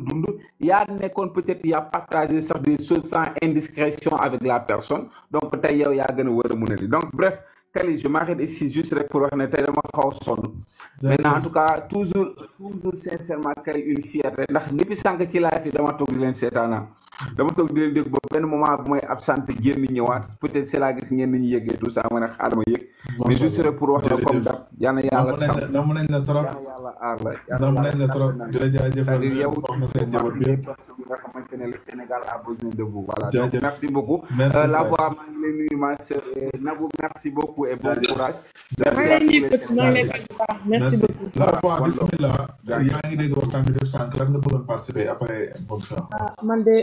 yaa nekkoon peut-être yaa partagé sax des choses sans indiscrétion avec la personne donc peut yow il y a war a donc bref Kali je m'arrête ici juste rek pour wax tellement tey dama xaw a en tout cas toujours toujours sincèrement Kali une fierté ndax depuis sànq ci live yi dama toog di leen seetaanaa dama toog di leen dégg ba benn moment bu may absenté génn ñëwaat peut-être laa gis ñenn ñi yëggee tout ça ma ne xaaral yëg. mais juste rek pour wax la comme dab. a yaa ngi dégg waxtaan bi def sànq lan ah, man de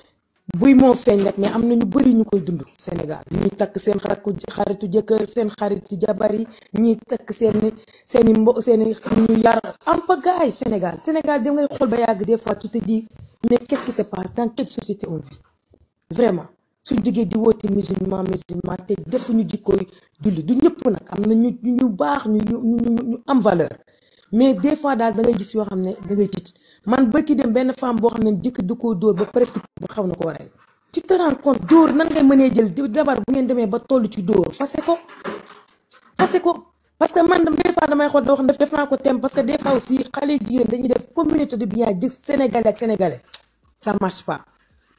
buy moo feeñ nag mais am na ñu bëri ñu koy dund Sénégal ñii takk seen xaritu xaritu jëkkër seen xaritu jabar yi ñii takk seen seeni mbo seeni ñu yar am pa gaay Sénégal Sénégal dem ngay xool ba yàgg des fois tu te dis mais qu'est-ce qui se passe dans quelle société on vit vraiment suñ jógee di woote musulman musulman te defuñu jikkooy julli du ñëpp nag am na ñu ñu baax ñu ñu ñu am valeur mais des fois daal da ngay gis yoo xam ne da ngay tiit man bëkki dem benn femme boo xam ne jëkk du ko dóor ba presque ba xaw na ko rey tu te dóor nan mënee jël dabar bu ngeen demee ba toll ci dóor fase ko fase ko parce que man des fois damay xool wax def naa ko thème parce que des fois aussi xale jigéen dañuy def communauté de bien jëg sénégalais ak sénégalais ça marche pas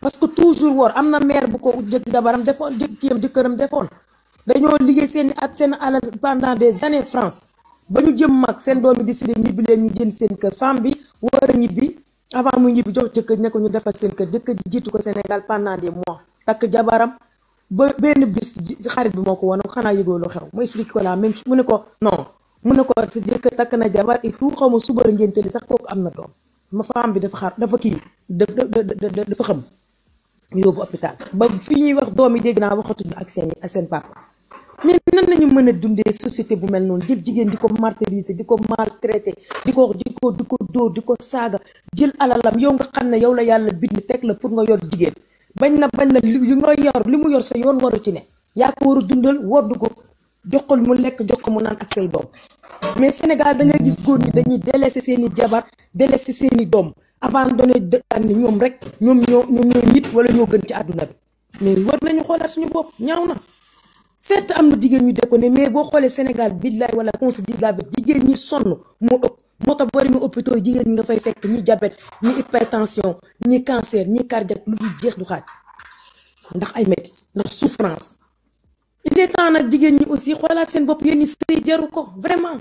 parce toujours woor am na mère bu ko jëkk jabaram defoon jëkk kiyam jëkkëram defoon dañoo liggéey seen ak seen alal pendant des années France ba ñu jëm mag seen doom yi décidé ñibbi leen ñu jën seen kër femme bi war a ñibbi avant mu ñibbi jox jëkkër ne ñu defal seen kër jëkkër ji jiitu ko Sénégal pendant des mois takk jabaram ba benn bis xarit bi moo ko wane xanaa yëgoo lu xew mu explique ko la même mu ne ko non mu ne ko sa jëkkër takk na jabar et tout xaw ma suba la ngénte li sax kooku am na doom ma femme bi dafa xaar dafa kii dafa xam yóbbu hôpital ba fii ñuy wax doom yi dégg naa waxatuñu ak ak seen papa. mais nan lañu mën a dundee société bu mel noonu jël jigéen di ko martyriser di ko maltraiter di ko di ko di dóor di ko saaga jël alalam yow nga xam ne yow la yàlla bind teg la pour nga yor jigéen bañ na bañ na li nga yor li mu yor sa yoon waru ci ne yaa ko war a dundal woddu ko jox ko lu mu lekk jox ko mu naan ak say doom mais Sénégal da gis góor ñi dañuy si seeni jabar délaisser seeni doom abandonné dëkkaan ni ñoom rek ñoom ñoo ñoom ñoo nit wala ñoo gën ci àdduna bi mais war suñu bopp ñaaw cette homme na que nous mais beaucoup le Sénégal Bidlay wala qu'on se la vérité ñi hôpitaux ñi nga diabète ni hypertension ni cancer ni cardiaque lu du souffrance il est temps nag que ñi aussi voilà, que bopp yéen ñi sëy ko vraiment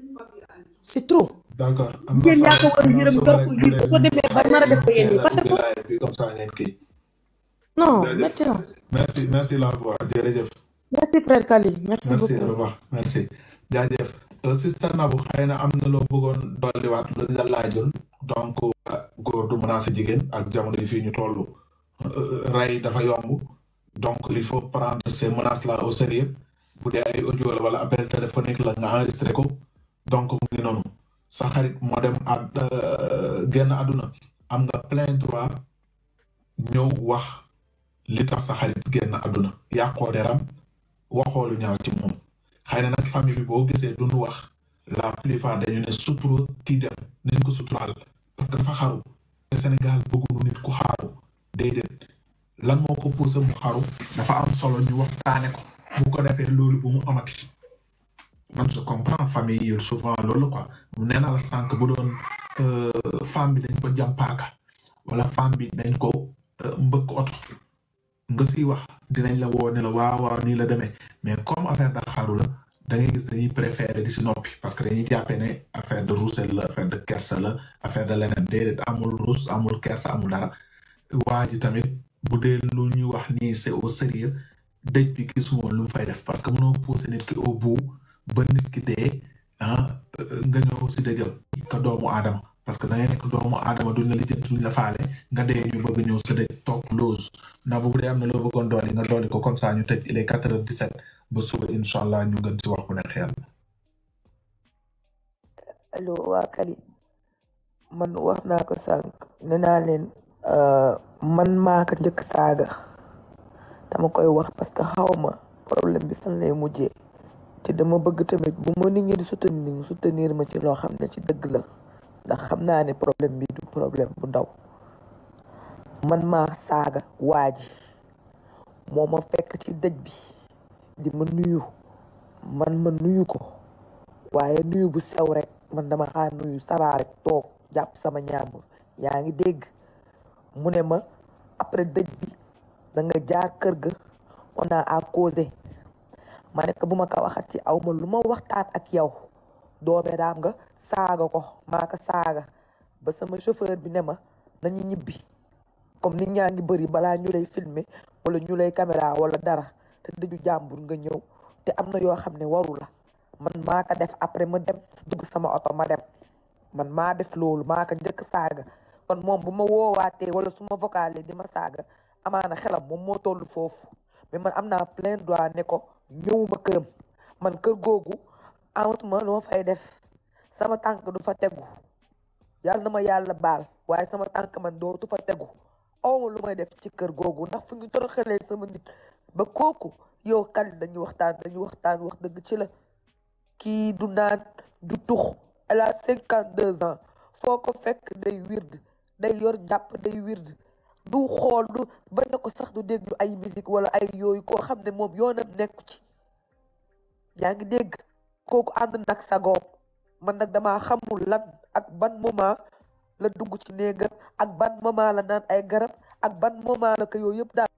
c'est trop. d'accord am na yéen yaa ko war a yërëm donc ko demee ba nar a def ko yéen ñi non merci. merci merci la voix jërëjëf. merci frère Kali merci beaucoup merci Raba merci jaajëf. sister euh, Nabou xëy na am na loo bëggoon dolliwaat lu la laajoon donc euh, góor du menacer jigéen ak jamono yi fii ñu toll. Euh, rey dafa yomb donc il faut prendre ces menaces là au sérieux bu dee ay audio la wala appel téléphonique la nga enregistré ko. donc noonu sa moo dem ad euh, génn àdduna am nga plein droit ñëw wax li tax sa xarit génn àdduna yàqoo deram waxoolu ñaaw ci moom xëy na nag famille bi boo gisee duñu wax la plupart dañu ne ko suturaal parce que dafa xaru te Sénégal bëggunu nit ku xaru déedéet lan moo ko poussé mu xaru dafa am solo ñu waxtaane ko bu ko defee loolu bu mu amati je comprends famille euh, souvent lol quoi est la euh, femme bi dañ ko wala femme bi dañ ko euh, nga wax dinañ la wo ne la wa wa la deme mais comme affaire xaru la da ngay gis dañuy préférer parce que dañuy jappé affaire de roussel la affaire de kersa la affaire de amul rousse amul kersa amul dara tamit bu wax ni c'est au sérieux dëj bi lu fay def parce que nit ki au bout ba nit ki dee ah, nga ñëw si dëjal ka doomu aadama parce que da ngay nekk doomu aadama duñ la lijjanti duñ la faale nga dee ñu bëgg ñëw sa dëj toog loose na bu am na loo bëggoon dooli nga dooli ko comme ñu tëj il quatre heures dix-sept ba suba incha allah ñu gën si wax bu ne xeel allo waa Kali man wax naa ko sànq nee leen euh, man maa njëkk saaga dama koy wax parce que xaw ma problème bi fan lay mujjee ci dama bëgg tamit bu ma nit ñi di soutenir ma ci loo xam ne ci dëgg la ndax xam naa ne problème bi du problème bu ndaw man maa saaga waa ji moo ma fekk ci dëj bi di ma nuyu man ma nuyu ko waaye nuyu bu sew rek man dama xaa nuyu sabaa rek toog jàpp sama ñaamur yaa ngi dégg mu ne ma après dëj bi nga jaar kër ga on a ma ne ko bu ma ko waxat si aw ma lu ma waxtaat ak yow doome daam nga saaga ko maa ko saaga ba sama chauffeur bi ne ma nañu ñibbi comme ni ñaa ngi bëri balaa ñu lay filmer wala ñu lay caméra wala dara te dëju jàmbur nga ñëw te am na yoo xam ne waru la man maa ko def après ma dem dugg sama oto ma dem man maa def loolu maa ko njëkk saaga kon moom bu ma woowaatee wala suma ma vocale di ma saaga amaana xelam moom moo toll foofu mais man am naa plein droit ne ko ñëwuma këram man kër googu amatuma lu ma fay def sama tànk du fa tegu yàlla na ma yàlla baal waaye sama tànk man dootu fa tegu awma lu may def ci kër googu ndax fu ñu toroxalee sama nit ba kooku yow kan dañu waxtaan dañu waxtaan wax dëgg ci la kii du naan du tux elle a cinquante deux ans foo ko fekk day wird day yor jàpp day wird du xool du bañ na ko sax du déglu ay musique wala ay yooyu koo xam ne moom yoonam nekku ci yaa ngi dégg kooku ànd nag sagoom man nag damaa xamul lan ak ban moment la dugg ci néegam ak ban moment la naan ay garab ak ban moment la ko yooyu yëpp daal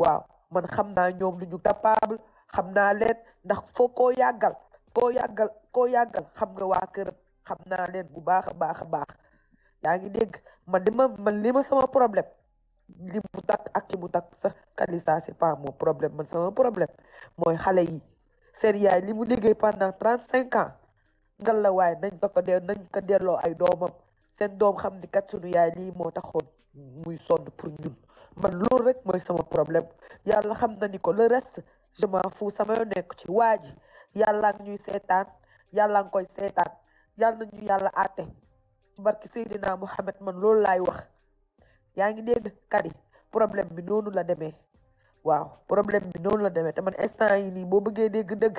waaw man xam naa ñoom du ñu capable xam naa leen ndax foo ko yàggal koo yàggal koo yàggal xam nga waa këram xam naa leen bu baax a baax a baax yaa ngi dégg man dima man li ma sama problème li mu takk ak ki tak takk sax Kalista c'est pas mon problème man sama problème mooy xale yi seen yaay li mu liggéey pendant trente cinq ans ngal la waaye nañ ko ko dee ko delloo ay doomam seen doom xam ni kat sunu yaay lii moo tax taxoon muy sonn pour ñun man loolu rek mooy sama problème yàlla xam na ni ko le reste je m'en fous sama yoon nekk ci waa ji yàlla ñuy seetaan yàlla nga koy seetaan yàlla na ñu yàlla àtte barki Seydina Mohamed man loolu laay wax yaa ngi dégg kadi problème bi noonu la demee waaw problème bi noonu la demee te man instant yi nii boo bëggee dégg dëgg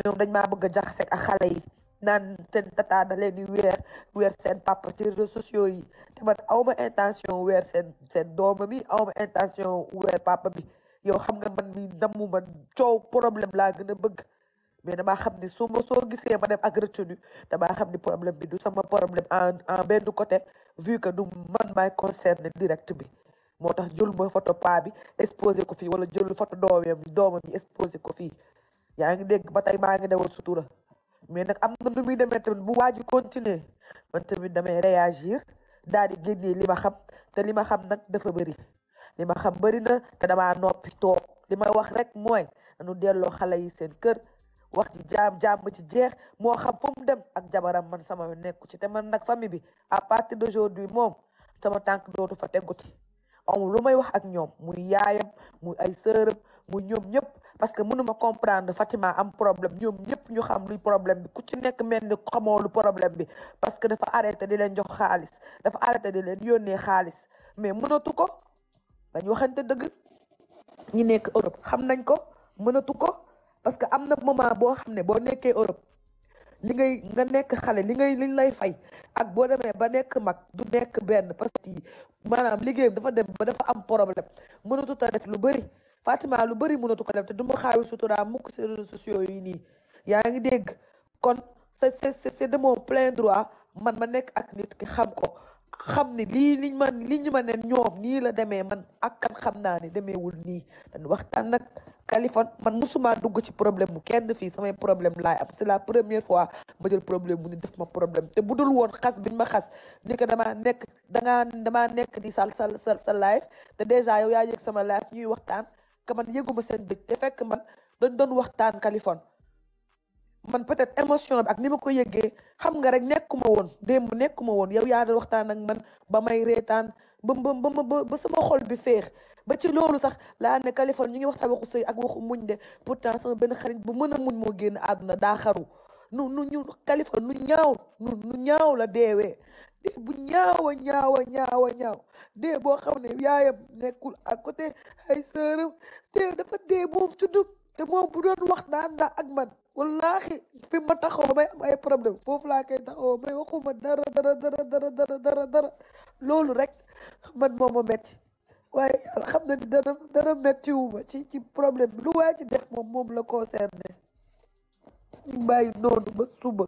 ñoom dañ ma bëgg a jaxase ak xale yi naan seen tata da weer weer seen papa ci réseaux sociaux yi te man awma intention weer seen seen dooma bi awma intention weer papa bi yow xam nga man mi damu man coow problème laa gën a bëgg mais damaa xam ni su ma soo gisee ma dem ak retenu damaa xam ni problème bi du sama problème en en benn côté vu que du man maay concerné direct bi moo tax jël ma photo paa bi exposé ko fii wala jël photo doomeem doomam yi exposé ko fii yaa ngi dégg ba tey maa ngi dewal sutura mais nag am na nu muy demee tamit bu waaju continuer man tamit damay réagir daal di génnee li ma xam te li ma xam nag dafa bëri li ma xam bëri na te damaa noppi toog li ma wax rek mooy nu delloo xale yi seen kër wax ji jaam jaam ci jeex moo xam fu mu dem ak jabaram man sama nekku ci te man nag famille bi à partir d'aujourd'hui moom sama tànk dootu fa teggoti amul lu may wax ak ñoom mu yaayam mu ay sëram mu ñoom ñëpp parce que mënuma comprendre Fatima am problème ñoom ñëpp ñu xam luy problème bi ku ci nekk mel ni xamoo lu problème bi parce que dafa arrêté di leen jox xaalis dafa arrêté di leen yónnee xaalis mais mënatu ko dañ waxante dëgg ñi nekk Europe xam nañ ko mënatu ko parce que am na moment boo xam ne boo nekkee Europe li ngay nga nekk xale li ngay liñ lay fay ak boo demee ba nekk mag du nekk benn parce que maanaam liggéeyam dafa dem ba dafa am problème mënatu ta def lu bëri Fatima lu bari mënatu ko def te du ma xaawi sutura mukk si réseaux sociaux yi nii yaa ngi dégg kon c'est c'est c'est de mon plein man ma nekk ak nit ki xam ko xam ni lii liñ ma li ñu ma ne ñoom nii la demee man ak kan xam naa ne demeewul nii dañ waxtaan nag Kaliphone man musuma dugg ci problème bu kenn fii samay problème laay am c'est la première fois ma jël problème ni def ma problème te bu dul woon xas biñ ma xas ni que damaa nekk dangaa damaa nekk di sal sal sal sa live te déjà yow yaa yëg sama live ñuy waxtaan que man yëguma seen dëj te fekk man dañ doon waxtaan Kaliphone man peut-être émotion bi ak ni ma ko yëggee xam nga rek nekkuma woon démb nekkuma woon yow yaa doon waxtaan ak man ba may reetaan ba ba ba sama xol bi féex ba ci loolu sax laa ne Californie ñu ngi waxtaan waxu sëy ak waxu muñ de pourtant sama benn xarit bu mën a muñ moo génn àdduna daa xaru nu nu ñu Californie nu ñaaw nu nu la deewee dee bu ñaaw a ñaaw dee boo xam ne yaayam nekkul à côté ay sëram dee dafa dee moom tudd te moom bu doon wax daan ak man wallaahi fi ma taxaw bay am ay problème foofu laa koy taxaw bay waxuma dara dara dara dara dara dara loolu rek man moo metti waaye yàlla xam na ni dara dara metti wu ma ci ci problème bi lu waa ci def moom moom la concerné ñu bàyyi noonu ba suba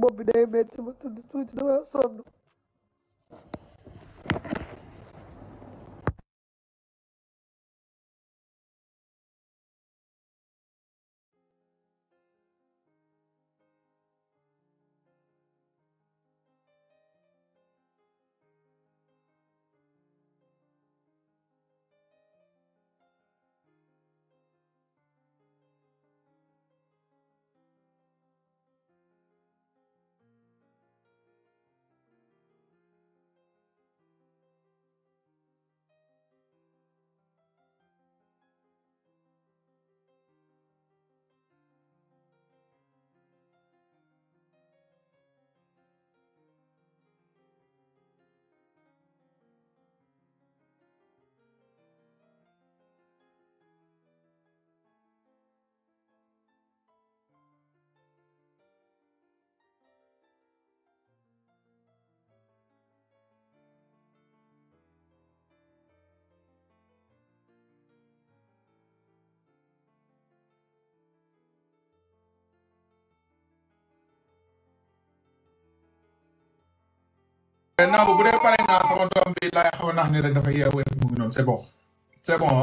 bopp bi day metti ma tudd tuuti dama sonn maintenant bu bu dee pare naa sama doom bi laay xaw a naax ni rek dafa yeewee mu ngi noonu c'est bon c'est bon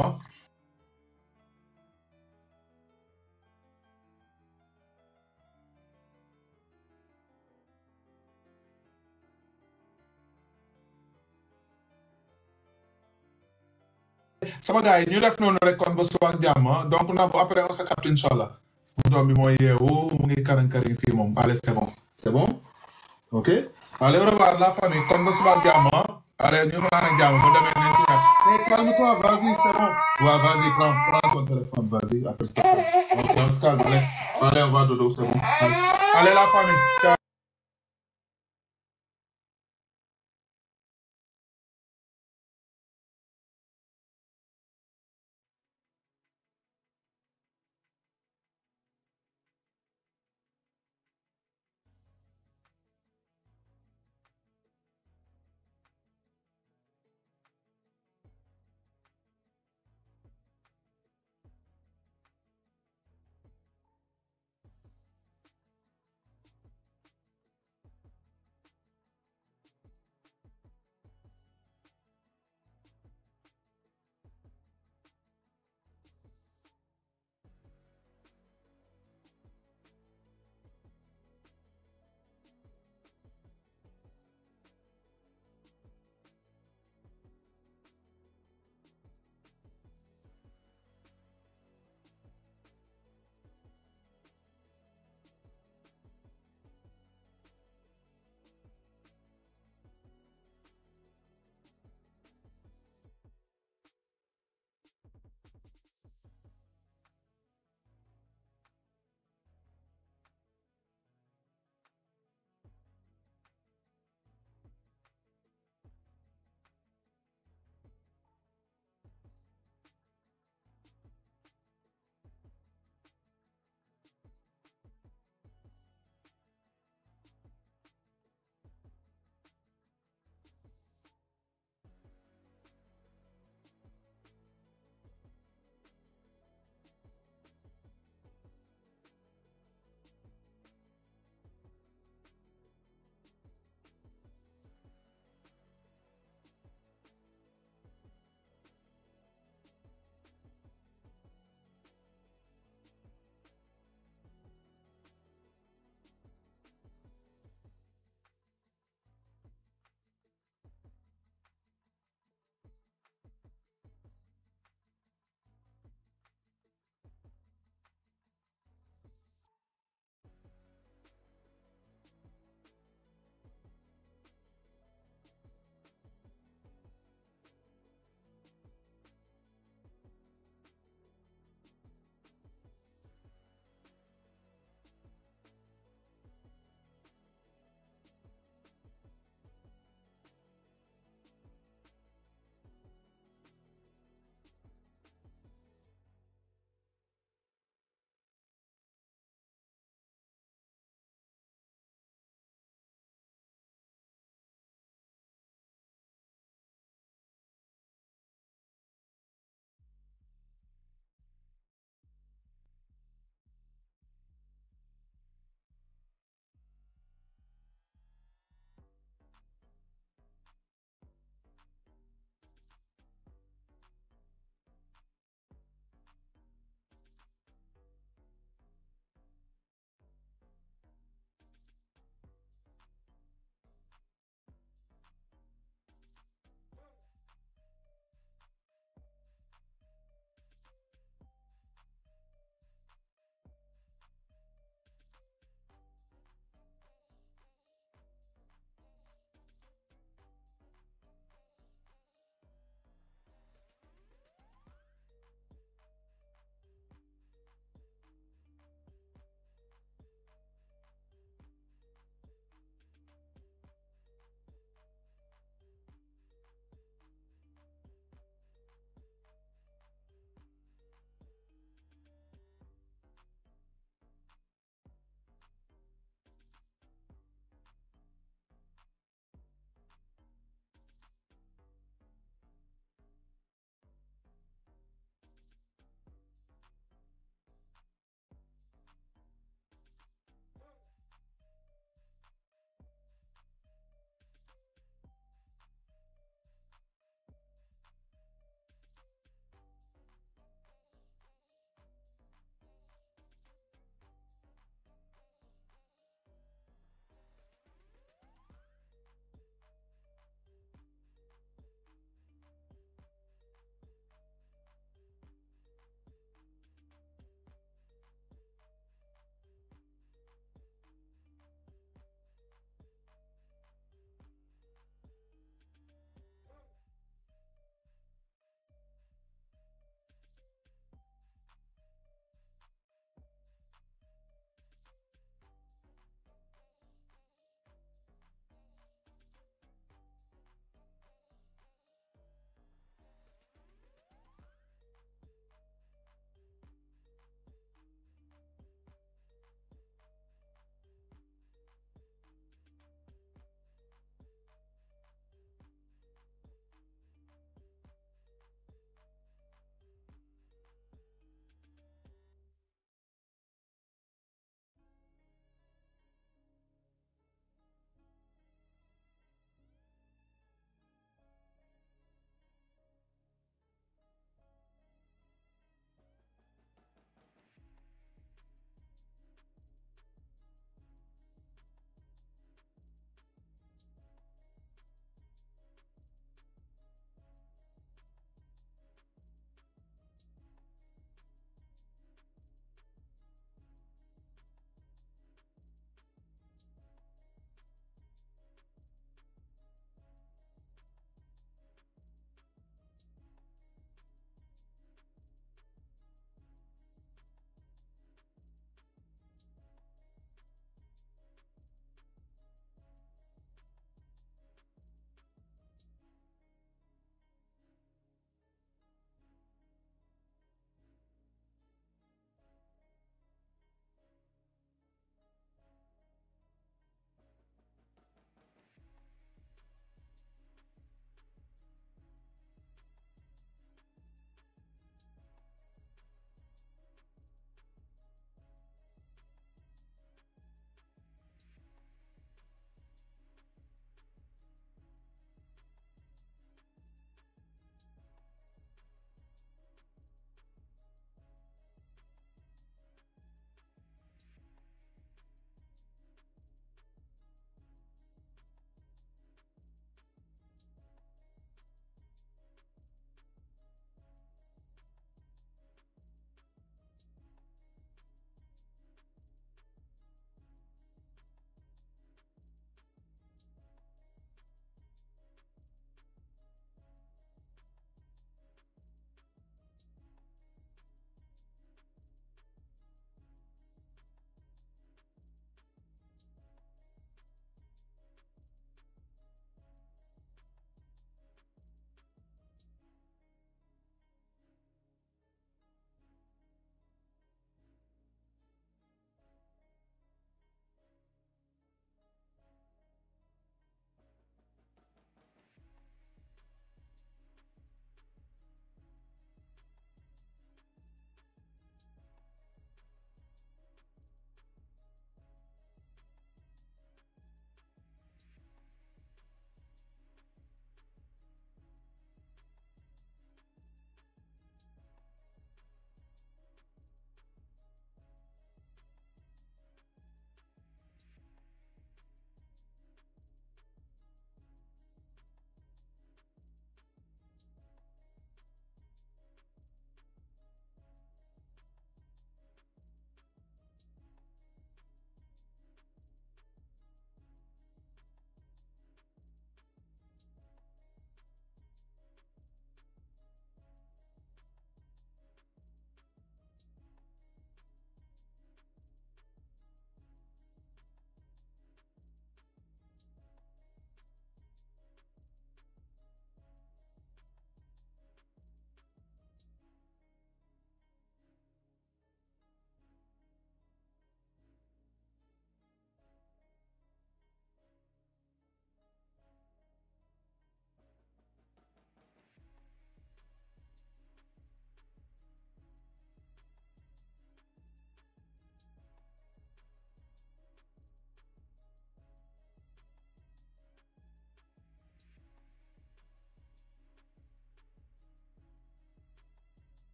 sama gars yi ñu def noonu rek kon ba suba ak donc na bu après on se capte inchallah doom bi mooy yeewu mu ngi karan karan fii moom allez c'est bon c'est bon ok Allez, au revoir la famille. Comme nous sommes le gamin, allez, nous sommes à Diamant. Vous devez nous dire, mais calme-toi, vas-y, c'est bon. Ouais, vas-y, prends, prends ton téléphone, vas-y, appelle-toi. On se calme, allez. Allez, on va dodo, c'est bon. Allez, la famille, ciao.